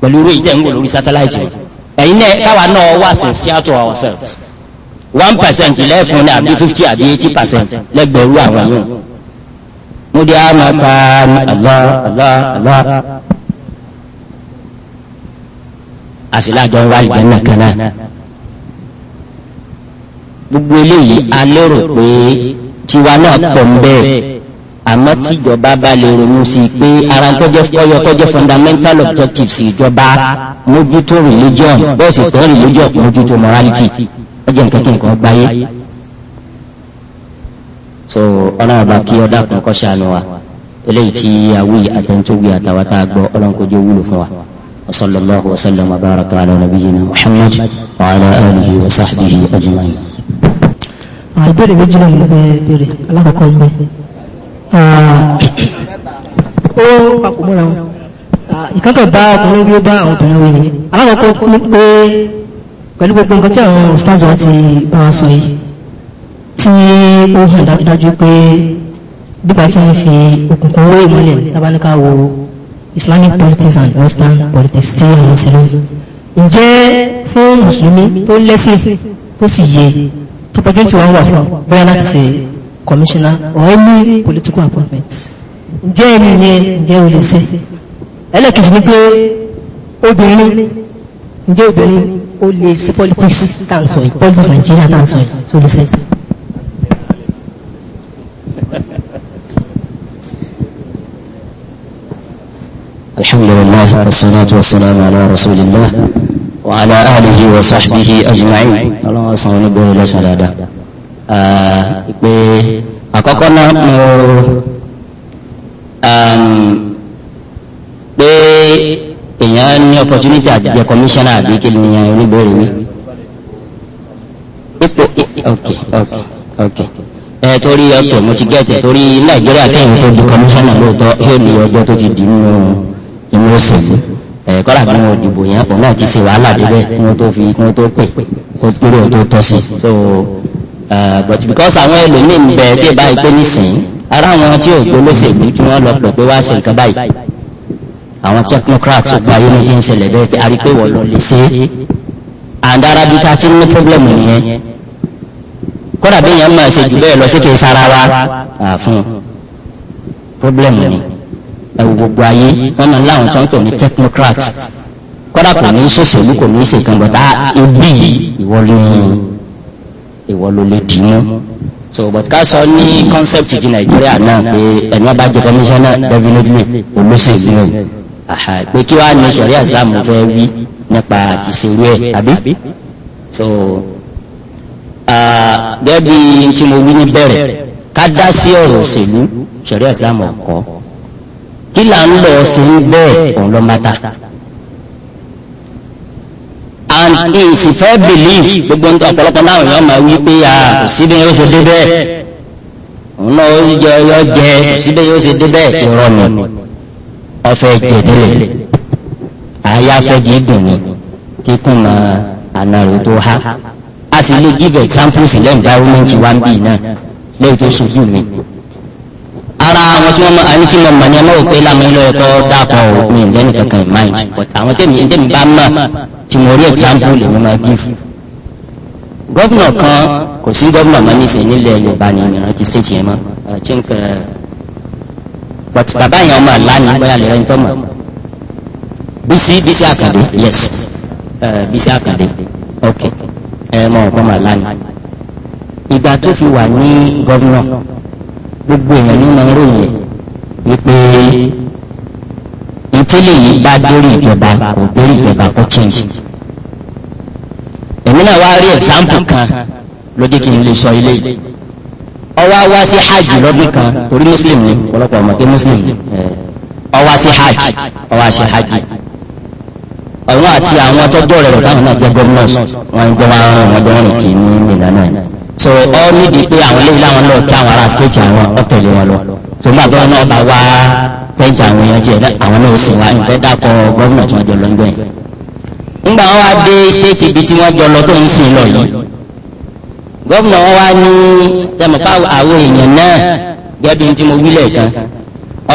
pẹ̀lú orí ìjẹ́ ń wò lórí sátáláìtì ẹ̀yin náà káwa náà wà sincere to ourselves one percent lẹ́ẹ̀fún ní àbí fifty àbí eighty percent lẹ́gbẹ̀rú àwọn yòó mo di àmà pa Allah Allah Allah àsìlájọ ń wá ìjẹ́nà kan náà gbogbo eléyìí alérò pé tiwa náà pọ̀ ń bẹ́ẹ̀ àmọ́ tíjọba bá lè ronú sí i pé ara ń tọ́jọ́ kọ́yọ kọ́jọ́ fundamental objectives ìjọba mójútó religion bọ́ọ̀sì tán religion mójútó morality ọjọ́ nǹkan kí nǹkan gbáyé. so ọlọ́run bá kí ọdá kan kọ́ ṣàánú wa eléyìí tí awí àtẹnudógbé àtàwọn tá a gbọ́ ọlọ́run kò jẹ́ wúlò fún wa. وصلى الله وسلم وبارك على نبينا محمد وعلى اله وصحبه اجمعين. àìbéèrè méjìlá ló bẹ bèrè alákọ̀ọ́kọ́ ń bẹ ó papọ̀ mọ́ra wọn ìkánkọ̀ bá ọkùnrin bí ó bá àwọn obìnrin wọ̀nyí alákọ̀ọ́kọ́ ní pé pẹ̀lú gbogbo nǹkan tí àwọn ustaz wọn ti bá wọn sọ yìí tí ó hàn dájúdájú pé bíbá tí wọ́n fi òkùnkùn wé ìmọ̀lẹ̀ tábánikà wo Islamic politics and Western politics tí àwọn ìṣẹ̀lẹ̀ ǹjẹ́ fún mùsùlùmí tó lẹ́sìn tó sì yẹ tó pẹ́jọ́ tí wọ́n wà fún bóyá láti ṣe commissioner or any political appointment ǹjẹ́ ẹni yẹn ǹjẹ́ o lè ṣe ẹlẹ́kejì ni pé obìnrin ǹjẹ́ obìnrin o lè ṣe politics tàn yìí politics Nigeria tàn yìí tó lè الحمد لله والصلاة والسلام على رسول الله وعلى آله وصحبه أجمعين الله أصلا نبه لسلاله pé àkọ́kọ́ náà mo pé èèyàn ní opportunity àti jẹ commissioner àbí kí ni èèyàn oníbèrè mi. ipò ok ok ok ẹ torí ok mo ti gẹ̀tẹ̀ torí nàìjíríà kẹ́yìn tó di commissioner lóòótọ́ yóò ní ọjọ́ tó ti di nínú inú òṣèlú kọ́lá bí wọn dìbò yẹn pọ̀ náà ti ṣe wàhálà débẹ̀ kí wọ́n tó fi kí wọ́n tó pè kó kúrò tó tọ́ sí so. Uh, but because àwọn ẹlòmíín bẹ tí ì báyìí pé nísìnyí ara àwọn tí ò gbólóṣèlú tí wọ́n lọ pọ̀ pé wá ṣe nǹkan báyìí àwọn technocrats gba ayé méjì ń ṣẹlẹ̀ bẹ́ẹ̀ a rí pé wọ́n lọ lè ṣe é and ara bí ta ti ní problem nìyẹn kódà bí yẹn máa ṣe jù bẹ́ẹ̀ lọ sí kì í sara wa fún problem ni ẹ̀wù gbogbo ayé wọ́n máa ń láwọn tí wọ́n tò ní technocrats kódà kò ní sòṣèlú kò ní ṣèkànbọ̀tà ibi ìwọlé ni ìwọ ló lè dì í mú so but ká sọ ní concept ti nàìjíríà náà pé ẹni wọn bá jẹ commissioner definitely olóṣèlú ẹ pé kí wàá ní sẹríà islam fẹ́ wí nípa àti ṣerú ẹ àbí so gẹ́bí tí mo wí ní bẹ̀rẹ̀ ká dá sí ọ̀rọ̀ òṣèlú sẹríà islam ọ̀kọ́ kí là ń lọ sí bẹ́ẹ̀ òun lọ́mọ́ta and èsì fẹ́ believe gbogbo ọ̀pọ̀lọpọ̀ náà yọ máa wí pé à ah, kò sí bẹ́ẹ̀ yóò ṣe dé bẹ́ẹ̀ òun náà yọ yọ jẹ kò sí bẹ́ẹ̀ yóò ṣe dé bẹ́ẹ̀ kò rọrùn ọ̀fẹ́ jẹ̀dẹ̀lẹ̀ àyàfẹ́jì dùn ní kíkún máa ànàrò tó há a sì lè give examples in the environment wa ń bì náà lẹ́yìn tó sojú mi ara àwọn tí wọn mọ àní tí mo mọ ní ẹ mọ òpè lámọ ilé ẹ̀kọ́ dàpọ òpin lẹni kankan mind but àwọn tẹmí tẹmí bá mọ tí mo example lè mi máa give gọ́vnà kan kò sí gọ́vnà máa ní sè nílẹ̀ yorùbá ni ìran ti stage yẹn mọ́ chink uh, but bàbá yẹn ọmọ àlá ni bóyá lè rẹ ń tọ́mọ̀ bísí bísí àkàndé yes uh, bísí àkàndé ok ẹ mọ ọmọ àlá ni ìgbà tó fi wà ní gọ́vnà gbogbo èèyàn ní ma ń ròyìn wípé ìtẹ́lẹ̀ yìí bá dórí ìjọba kò dórí ìjọba kò change èmi náà wá rí example kan ló jẹ́ kí n lè sọ ilé ọwọ́ wá sí hajj lọ́dún kan torí muslim ni ọ̀pọ̀lọpọ̀ ọmọ pé muslim ni ọwọ́ sí hajj ọwọ́ sí hajj àwọn àti àwọn tọ́jọ́ rẹ̀ rẹ̀ táwọn náà jẹ́ governors wọn ń gbọ́ wọn àwọn ọmọdé wọn kì í ní ìlànà náà so ọ nídìí pé àwọn eléyìí láwọn lọ kí àwọn ará stage àwọn ọ̀tẹ̀lé wọn lọ tó ń bá àbúrò náà bá wá pẹ́ǹtì àwọn èèyàn tiẹ̀ àwọn náà ó sì wá ìfẹ́ dàpọ̀ gómìnà tí jọ lọ́ngbọ̀n yìí ńgbà wọn wá dé stéètì ibi tí wọn jọ lọ tó ń sìn lọ yìí gómìnà wọn wá ní tẹmọpá àwọn èèyàn náà gẹbi tí mo wí lẹ́ẹ̀kan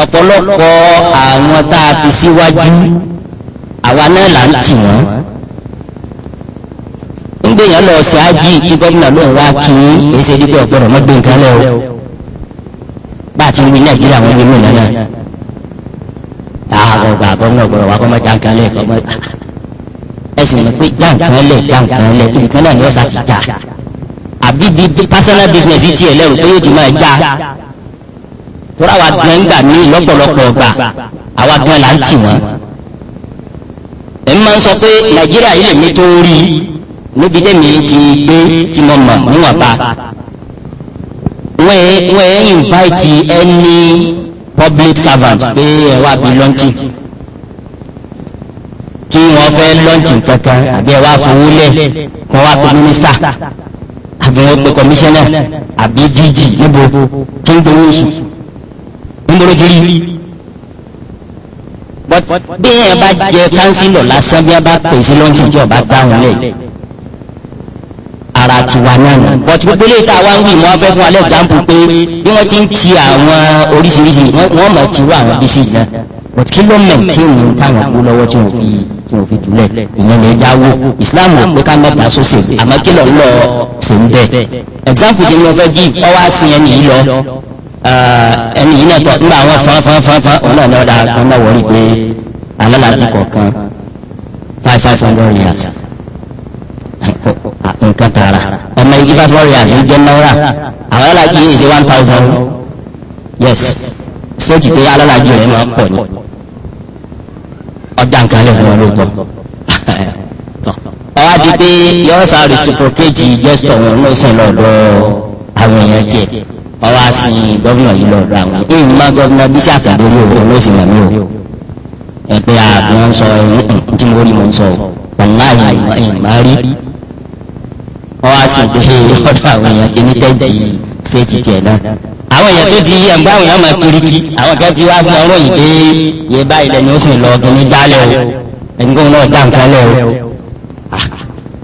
ọ̀pọ̀lọpọ̀ àwọn tá a fi síwájú àwa náà là ń tì wọn ńgbèyàn lọ sí ájì tí gómìnà lòun wá kí èsì dídé ọgbọdọ mọgbẹ nǹkan lẹ o bá a ti wí nàìjíríà wọn ní mìíràn náà àgọgà gómìnà ọgbọdọ wa kọ́ mọ́jà nǹkan lẹ kọ́ mọ́jà ẹsìn mọ̀ pé dáǹkan lẹ̀ dáǹkan lẹ̀ tóbi kan náà ni ọ̀sà ti jà àbí bí personal business ti ẹ̀ lẹ́rù pé yóò ti máa já tóra wa gan gbà mí lọ́pọ̀lọpọ̀ gbà àwa gan là ń tì wọ́n. ẹ̀ ń máa ń sọ pé nàìjíríà yìí lèmi tó rí níbi tẹ́mi ti gbé tí mo mọ̀ níwọ̀nba wọ́n ẹ̀ invite any public servant pé ẹ̀ wá bí lọ́ńtì tí wọ́n fẹ́ lọ́ǹtì kankan àbí ẹ̀ wá fowó lẹ̀ kọ́ wá pé mínísítà àbí wọ́n pé kọmíṣánná àbí díjì níbo tí ń gbowó oṣù níbo ló ti rí bí ẹ bá jẹ kánsílọ̀ lásán bí ẹ bá pèsè lọ́ǹtì tí ọba dáhùn lẹ̀ ara ti wà náà but gbogbo ilé ìta wa ń wí mọ́ fẹ́ fún wa lẹ́gbàmpù pé bí wọ́n ti ń ti àwọn oríṣiríṣi wọ́n mọ̀ ti wá àwọn bísí náà but kí ló mẹ̀ntínì táwọn kú lọ́wọ́ tí wọ́n fi yìí tí wọ́n fi jùlẹ̀ ìyẹn lè já islam ò pé ká mẹ́ta sósè àmọ́ kí lọ lọ sí ń bẹ̀ example tí wọ́n fẹ́ give ọwọ́ àsìn ẹni yìí lọ ẹni yìí náà tọ́ nígbà wọn fán fán fán fán òun náà lọ́dà kan náà wọlé pé alálàájì kọ̀ọ̀kan five five hundred years nǹkan tààrà ọmọ igi five hundred years ń jẹ́ náírà àwọn alálàájì yìí ṣe one thousand yes stage pé alálàájì rẹ̀ máa ń pọ̀ ni ọjà nǹkan lè fún wọn ló gbọ́ ọwọ́ di pé yọ sá reciprocate gesture wọn ló sìn lọ́dọ̀ àwọn èèyàn tiẹ̀ ọwọ́ àsìn gómìnà yìí lọ́dọ̀ àwọn èyí ni má gómìnà bí sí àfẹ́dórí òun ló sì mọ̀ mí o ẹgbẹ́ àgbọn sọ ẹ̀yìn tí mo rí mo ń sọ wàláhì ìmọ̀ rí ọwọ́ àsìn pé ọ̀dọ̀ àwọn èèyàn ti ní tẹ́ǹtì stéètì tiẹ̀ náà àwọn èèyàn tó ti yí ẹ̀ǹgbọ́n àwọn èèyàn máa kiri kí àwọn kan ti wá fún ọ̀rọ̀ yìí pé yé báyìí lẹ́ni ó sì lọ ọdún ní dálẹ̀ o ẹni kóun náà dá nǹkan lẹ̀ o ah,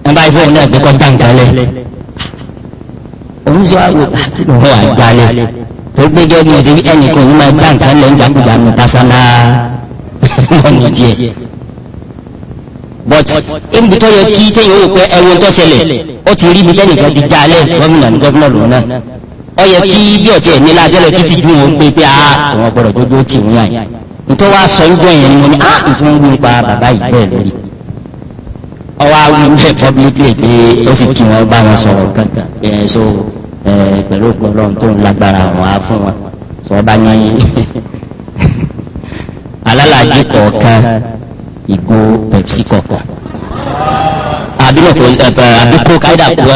ẹ̀ báyìí fóun náà gbé kọ́ dá nǹkan lẹ̀ òun sì wá wò ah, kí ló wà dálẹ̀ tó gbé gẹ́gẹ́ bí mo ṣe ẹnì kan ní máa dá nǹkan lẹ̀ ń dàkúdà mi tásánà lọ́nà díẹ̀ but ibi tó yẹ kí téèyàn ó pẹ́ ẹ̀wọ̀n tó ṣẹlẹ̀ ó ti rí ibi tẹ́nìkan ti dálẹ̀ gómìnà ó yẹ kí bí ọtí ẹmí la jẹlẹ títí dùn ó gbé pé aa ah, àwọn gbọ́dọ̀ dúdú tì ń yàn yìí nítorí wàá sọ ń gbọ̀n yẹn ni mo ní aa ah, nítorí wọn gbọ́n pa bàbá yìí bẹ́ẹ̀ lórí ọwọ́ àwọn ilé publicly pé ó sì kí wọn bá wọn sọ̀rọ̀ kankan ẹ̀ so ẹ̀ pẹ̀lú ọlọ́run tó ń lágbára wọn á fún wọn sọ bá ní alálàájì kọ̀ọ̀kan ìgò Pepsi kọ̀ọ̀kan àbílẹ̀ kò àbíkó káyidà kò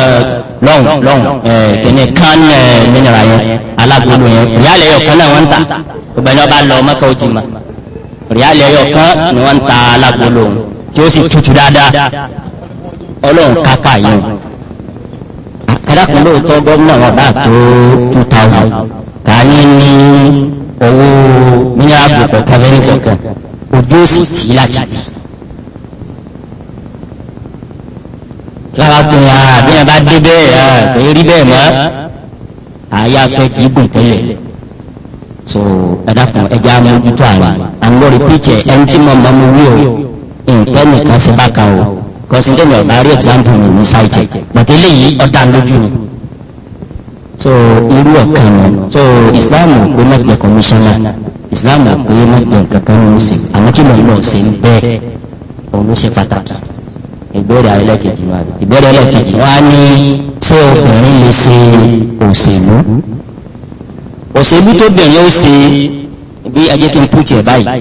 lọ́hùn lọ́hùn kìíní kan mineral yẹn alágbolo yẹn ríálẹ̀ yọ̀ kan náà wọ́n ń ta obìnrin ọba lọ mọ́kà ojì ma ríálẹ̀ yọ̀ kan ni wọ́n ń ta alágbolo tí ó sì tutù dáadáa ọlọ́run kápá yẹn kádàkùn lóòótọ́ gómìnà wọn bá tó two thousand kàní ní owó mineral gbòkọ̀ kẹfẹ́ ní kọ̀ọ̀kan ojú ó sì tì í láti bì báyàn bá dé bẹ́ẹ̀ ah, ah, kò rí bẹ́ẹ̀ mọ́ àyà ah, fẹ́ kì í gùn tẹ́lẹ̀ so ẹ̀dá kan ẹja mójútó àrùn àwọn lórí píìtì ẹ̀ ń tí mo mọ mo wí o nǹkan nìkan ṣe bá kan o kọ́sìndéèmì ọ̀bá rí ẹ̀xámpù mi ní sáìtì pàtẹ́ léyìí ọ̀dà lójú mi so irú ọ̀kan mi so Islam pé má jẹ kọmíṣánná Islam pé má jẹ nǹkan kan ní oṣù àmọ́ kí lóun lọ ṣe bẹ́ẹ̀ òun ló ṣe pàtàkì ìbéèrè ẹlẹ́kejì wa ìbéèrè ẹlẹ́kejì wa ní ṣé obìnrin lè ṣe òṣèlú òṣèlú tóbìnrin ó ṣe bí ajé kí n kú tiẹ̀ báyìí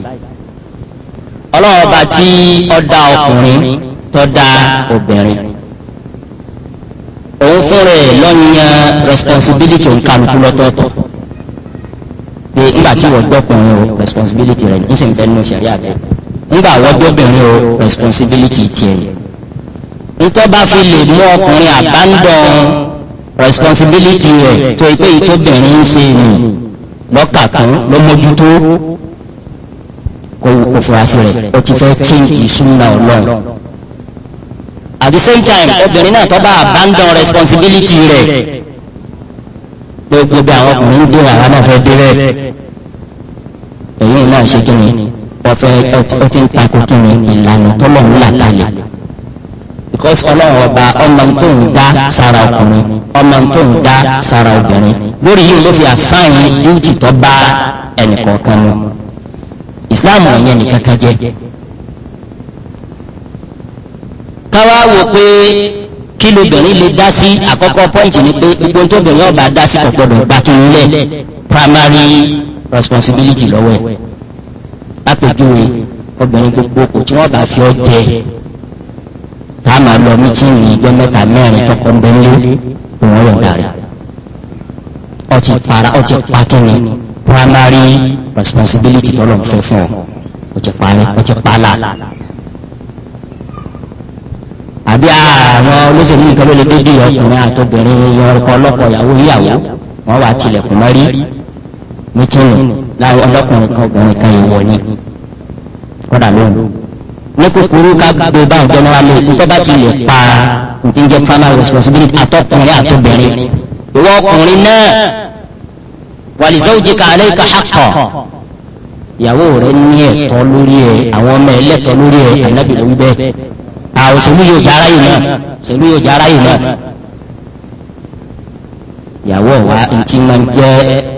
ọlọ́run tí ó dá ọkùnrin tó dá obìnrin òun fún rẹ̀ lọ́nyàn responsibility òun kálukú lọ́tọ̀ọ̀tọ̀ pé nígbà tí wọ́n gbọ́kùnrin o responsibility rẹ̀ ní sèǹfẹ́ nínú sẹ̀ríà bẹ́ẹ̀ nígbà wọ́n gbọ́bìnrin o responsibility tiẹ̀ yẹn ntọ́ba fi lè mú ọkùnrin abandon responsibility rẹ̀ tó ipé ìtóbìnrin ń ṣe nù lọ́kà kan ló mójútó kò òfurasí rẹ̀ ó ti fẹ́ change ìsúná ọlọ́run at the same time obìnrin náà tọ́ba abandon responsibility rẹ̀ pé gbogbo àwọn ọkùnrin ń dèrò àwọn náà fẹ́ dèrè èyí náà ṣe kí ni wọ́n fẹ́ ọtí ń takò kí ni ìlànà tọ́lọ̀ ń là kalẹ̀ because ọlọ́run ọba ọmọ tó ń dá sára ọkùnrin ọmọ tó ń dá sára obìnrin lórí yìí ló fi àsáyìn díútì tó bá ẹnìkọ̀ọ̀kan mu ìsìláàmù ọ̀yẹ́ nìkan kan jẹ́ káwá wò pé kí lóbìnrin lè dá sí àkọ́kọ́ pọ́ǹtì ni pé gbogbo tó bìnrin ọba dá sí kò gbọdọ̀ gbà kí primary responsibility lọ́wọ́ ẹ̀ lápèjúwe obìnrin gbogbo kò tí wọ́n bá fi ọ́ jẹ a máa lọ mítìrì ìjọ mẹ́ta mẹ́rin tọkọ ń bẹ nílé òun yọ̀ǹda rẹ̀ ọtí para ọtí pàkínni primary responsibility tọ́lọ̀ ń fẹ́ fún ọ ọtí parẹ́ ọtí pala àbí àwọn olóṣèlú nǹkan ló lè dédé ọkùnrin àtọbìnrin ọkọ ọlọpọ ìyàwó ìyàwó wọn wà tilẹ̀kùn mọ́rí mítìrì láwọn ọlọ́kùnrin kan obìnrin kan ìwọ ni kódà lóhùn ní kúkúrú ká gbé báwọn tó máa lò tó bá ti lè pa ìjẹ primary responsibility àtọkùnrin àtobìnrin ìwọ ọkùnrin náà walizawjika alayka haqqan ìyàwó rẹ ní ẹ̀tọ́ lórí ẹ àwọn ọmọ ẹlẹ́tọ́ lórí ẹ ànábì ló wí bẹ́ẹ̀ àwọn òṣèlú yóò jẹ ara yìí náà òṣèlú yóò jẹ ara yìí náà ìyàwó wa ntí máa ń jẹ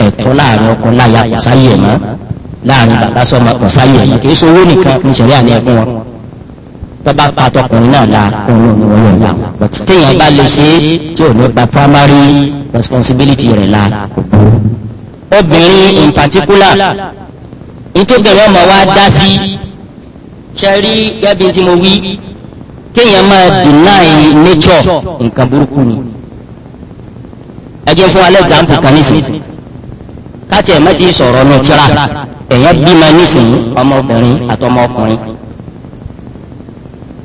ẹ̀tọ́ láàrin ọkọ láyà kọsáyè mọ láàrin bàbá sọmọ kọsáyè mọ kì í sọ owó nìkan ní sẹríà ní ẹ wọn tọ́ba pàtọkùnrin náà la òun ò ní wọ́n yọ̀ la but téèyàn bá lè ṣe tí ò ní gba primary responsibility rẹ̀ la. obìnrin in particular nítòbìnrin ọmọ wa dá sí ṣẹ́rí gẹ́bí tí mo wí kéèyàn máa deny nature nǹkan burúkú ni. ẹ jẹ́ fún alẹ́ example kan nísìnyí káàtì ẹ̀ mẹ́tì sọ̀rọ̀ nù tíra ẹ̀yẹ́ bímọ nísìnyí ọmọbìnrin àtọmọkùnrin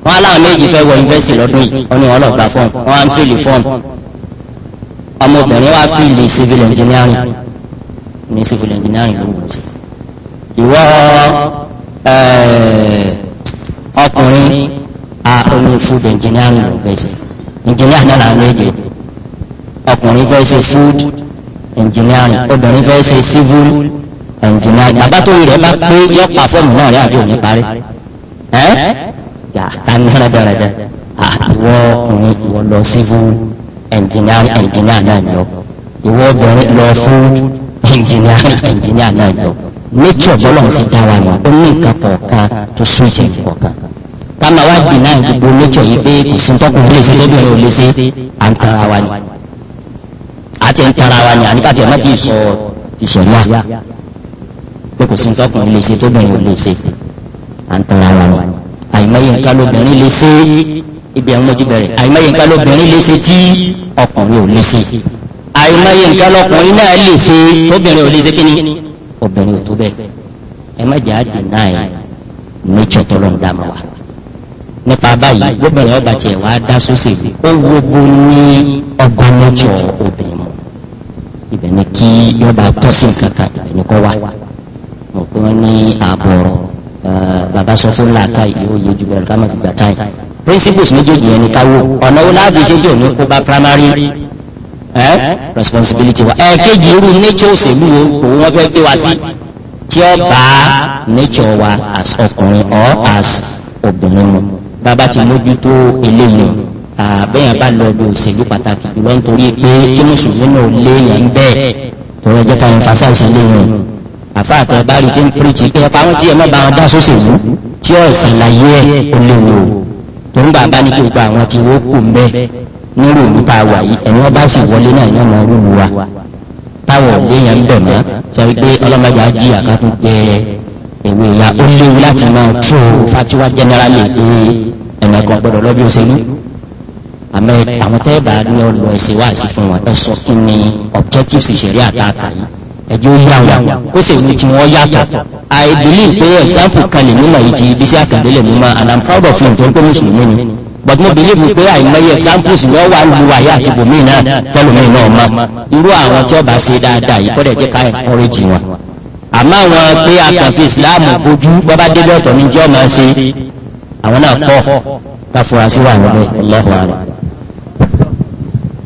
wọn aláwọn méjì fẹ́ wọ yunifásitì lọ́dún yìí wọn ni wọn lọ gba fọ́ọ̀mù wọn á ń fìlì fọ́ọ̀mù ọmọbìnrin wa fìlì civil engineering ní civil engineering ló ń wọ sí ìwọ ọkùnrin a oní food engineering ló fẹ́ sí engineer náà làwọn méjì ọkùnrin fẹ́ sí food engineering obìnrin fẹ́ sí civil engineering bàbá tó rẹ̀ bá pé yọ pa náà rẹ̀ àbí òní parí tani dáradára ìwọ ọkùnrin ìwọ lọ civil engineer engineer náà ni ọ ìwọ obìnrin lọ fún engineer engineer náà ni ọ nature bọ́lọ̀ sí dára wọn ó ní nǹkan kọ̀ọ̀kan tó sún jẹ kọ̀ọ̀kan káma wá dì náà gbogbo nature yìí pé kò sí tọkùnrin lè ṣe lóbìnrin ò lè ṣe à ń tara wa ni àti ń tara wa ni àníkàtì ẹ̀ má ti sọ ìṣẹ̀lẹ̀ pé kò sí tọkùnrin lè ṣe tóbìnrin ò lè ṣe tara wa ni àìmọye nǹkan lóbìnrin lè ṣe ibi àwọn ọmọ ti bẹ̀rẹ̀ àìmọye nǹkan lóbìnrin lè ṣe tí ọkùnrin ò lè ṣe àìmọye nǹkan lọkùnrin náà lè ṣe tóbìnrin ò lè ṣe kíni obìnrin ò tó bẹ́ẹ̀ ẹ má jà á dènà ẹ̀ nature tọ́lọ̀ ń dá ma wa nípa báyìí lóbìnrin ọba tiẹ̀ wá dá sósè ó wo ní ọgbà nature obìnrin mu ibẹ̀ ni kí yọba bàbá sọ fún làákà yìí ó yẹ jù bẹ̀rẹ̀ ká má fi gbà táyì principles méjèèjì yẹn ni ká wò ọ̀nà wo láàbì ṣe tí ò ní kó bá primary eh? responsibility wa ẹ̀ẹ́kejì irú nature òṣèlú wo òun wọ́n fẹ́ gbé wa sí tí ó bá nature wa as ọkùnrin or as obìnrin mu bàbá ti mójútó eléyìí àbẹ́yàn bá lọ bí òṣèlú pàtàkì jùlọ nítorí pé kí mùsùlùmí náà léèyàn bẹ́ẹ̀ tó ń ká ń fa sáìsì léèyàn àfáàtọ̀ báàrí tí ń píríkì pé ọ̀pọ̀ àwọn tí ẹ mọ́ba wọn dá sóṣèlú tí ó ṣàlàyé ẹ̀ ó léwu tó ń gbà bá ní kí gbogbo àwọn tí wọ́n kù mbẹ́ nírò nípa wà yìí ẹ̀mí wọn bá sì wọlé náà ní ọmọ orúkú wa táwọn ògbéyàn ń bẹ̀ mọ́ sọ wípé ọlọ́mọdé ají àkàtú jẹ èwe ìyá ó láti máa tú fatiwa generally pé ẹ̀nà kan gbọ́dọ̀ òṣèlú àmọ́ àwọn tẹ́ẹ̀bà ni ọ lọ ẹ̀sìn wá sí fún wọn ẹ sọ kí ni objectives ìṣẹ̀rí àtàkà yìí ẹjọ́ yà wọn kó sì ní tí wọ́n yàtọ̀ i believe pé example kan lè mímọ̀ yìí ti ibi sí àkàndélẹ̀ mímọ̀ and i'm proud of him tó ń pé mùsùlùmí ni but mo believe pé àìmọye examples ni ó wà lu wáyé àti bòmí náà tẹlùmí náà mọ irú àwọn tí ó bá ṣe dáadáa yìí kọ́ dẹ̀ jẹ́ ká encourage wọn àmọ́ àwọn pé akànfi islam ojú bọ́bá débẹ̀ ọ̀tọ̀ ní jẹ́ ọmọ ṣe àwọn náà kọ́ káfùrasí wà níbẹ̀ ọlọ́run àrùn.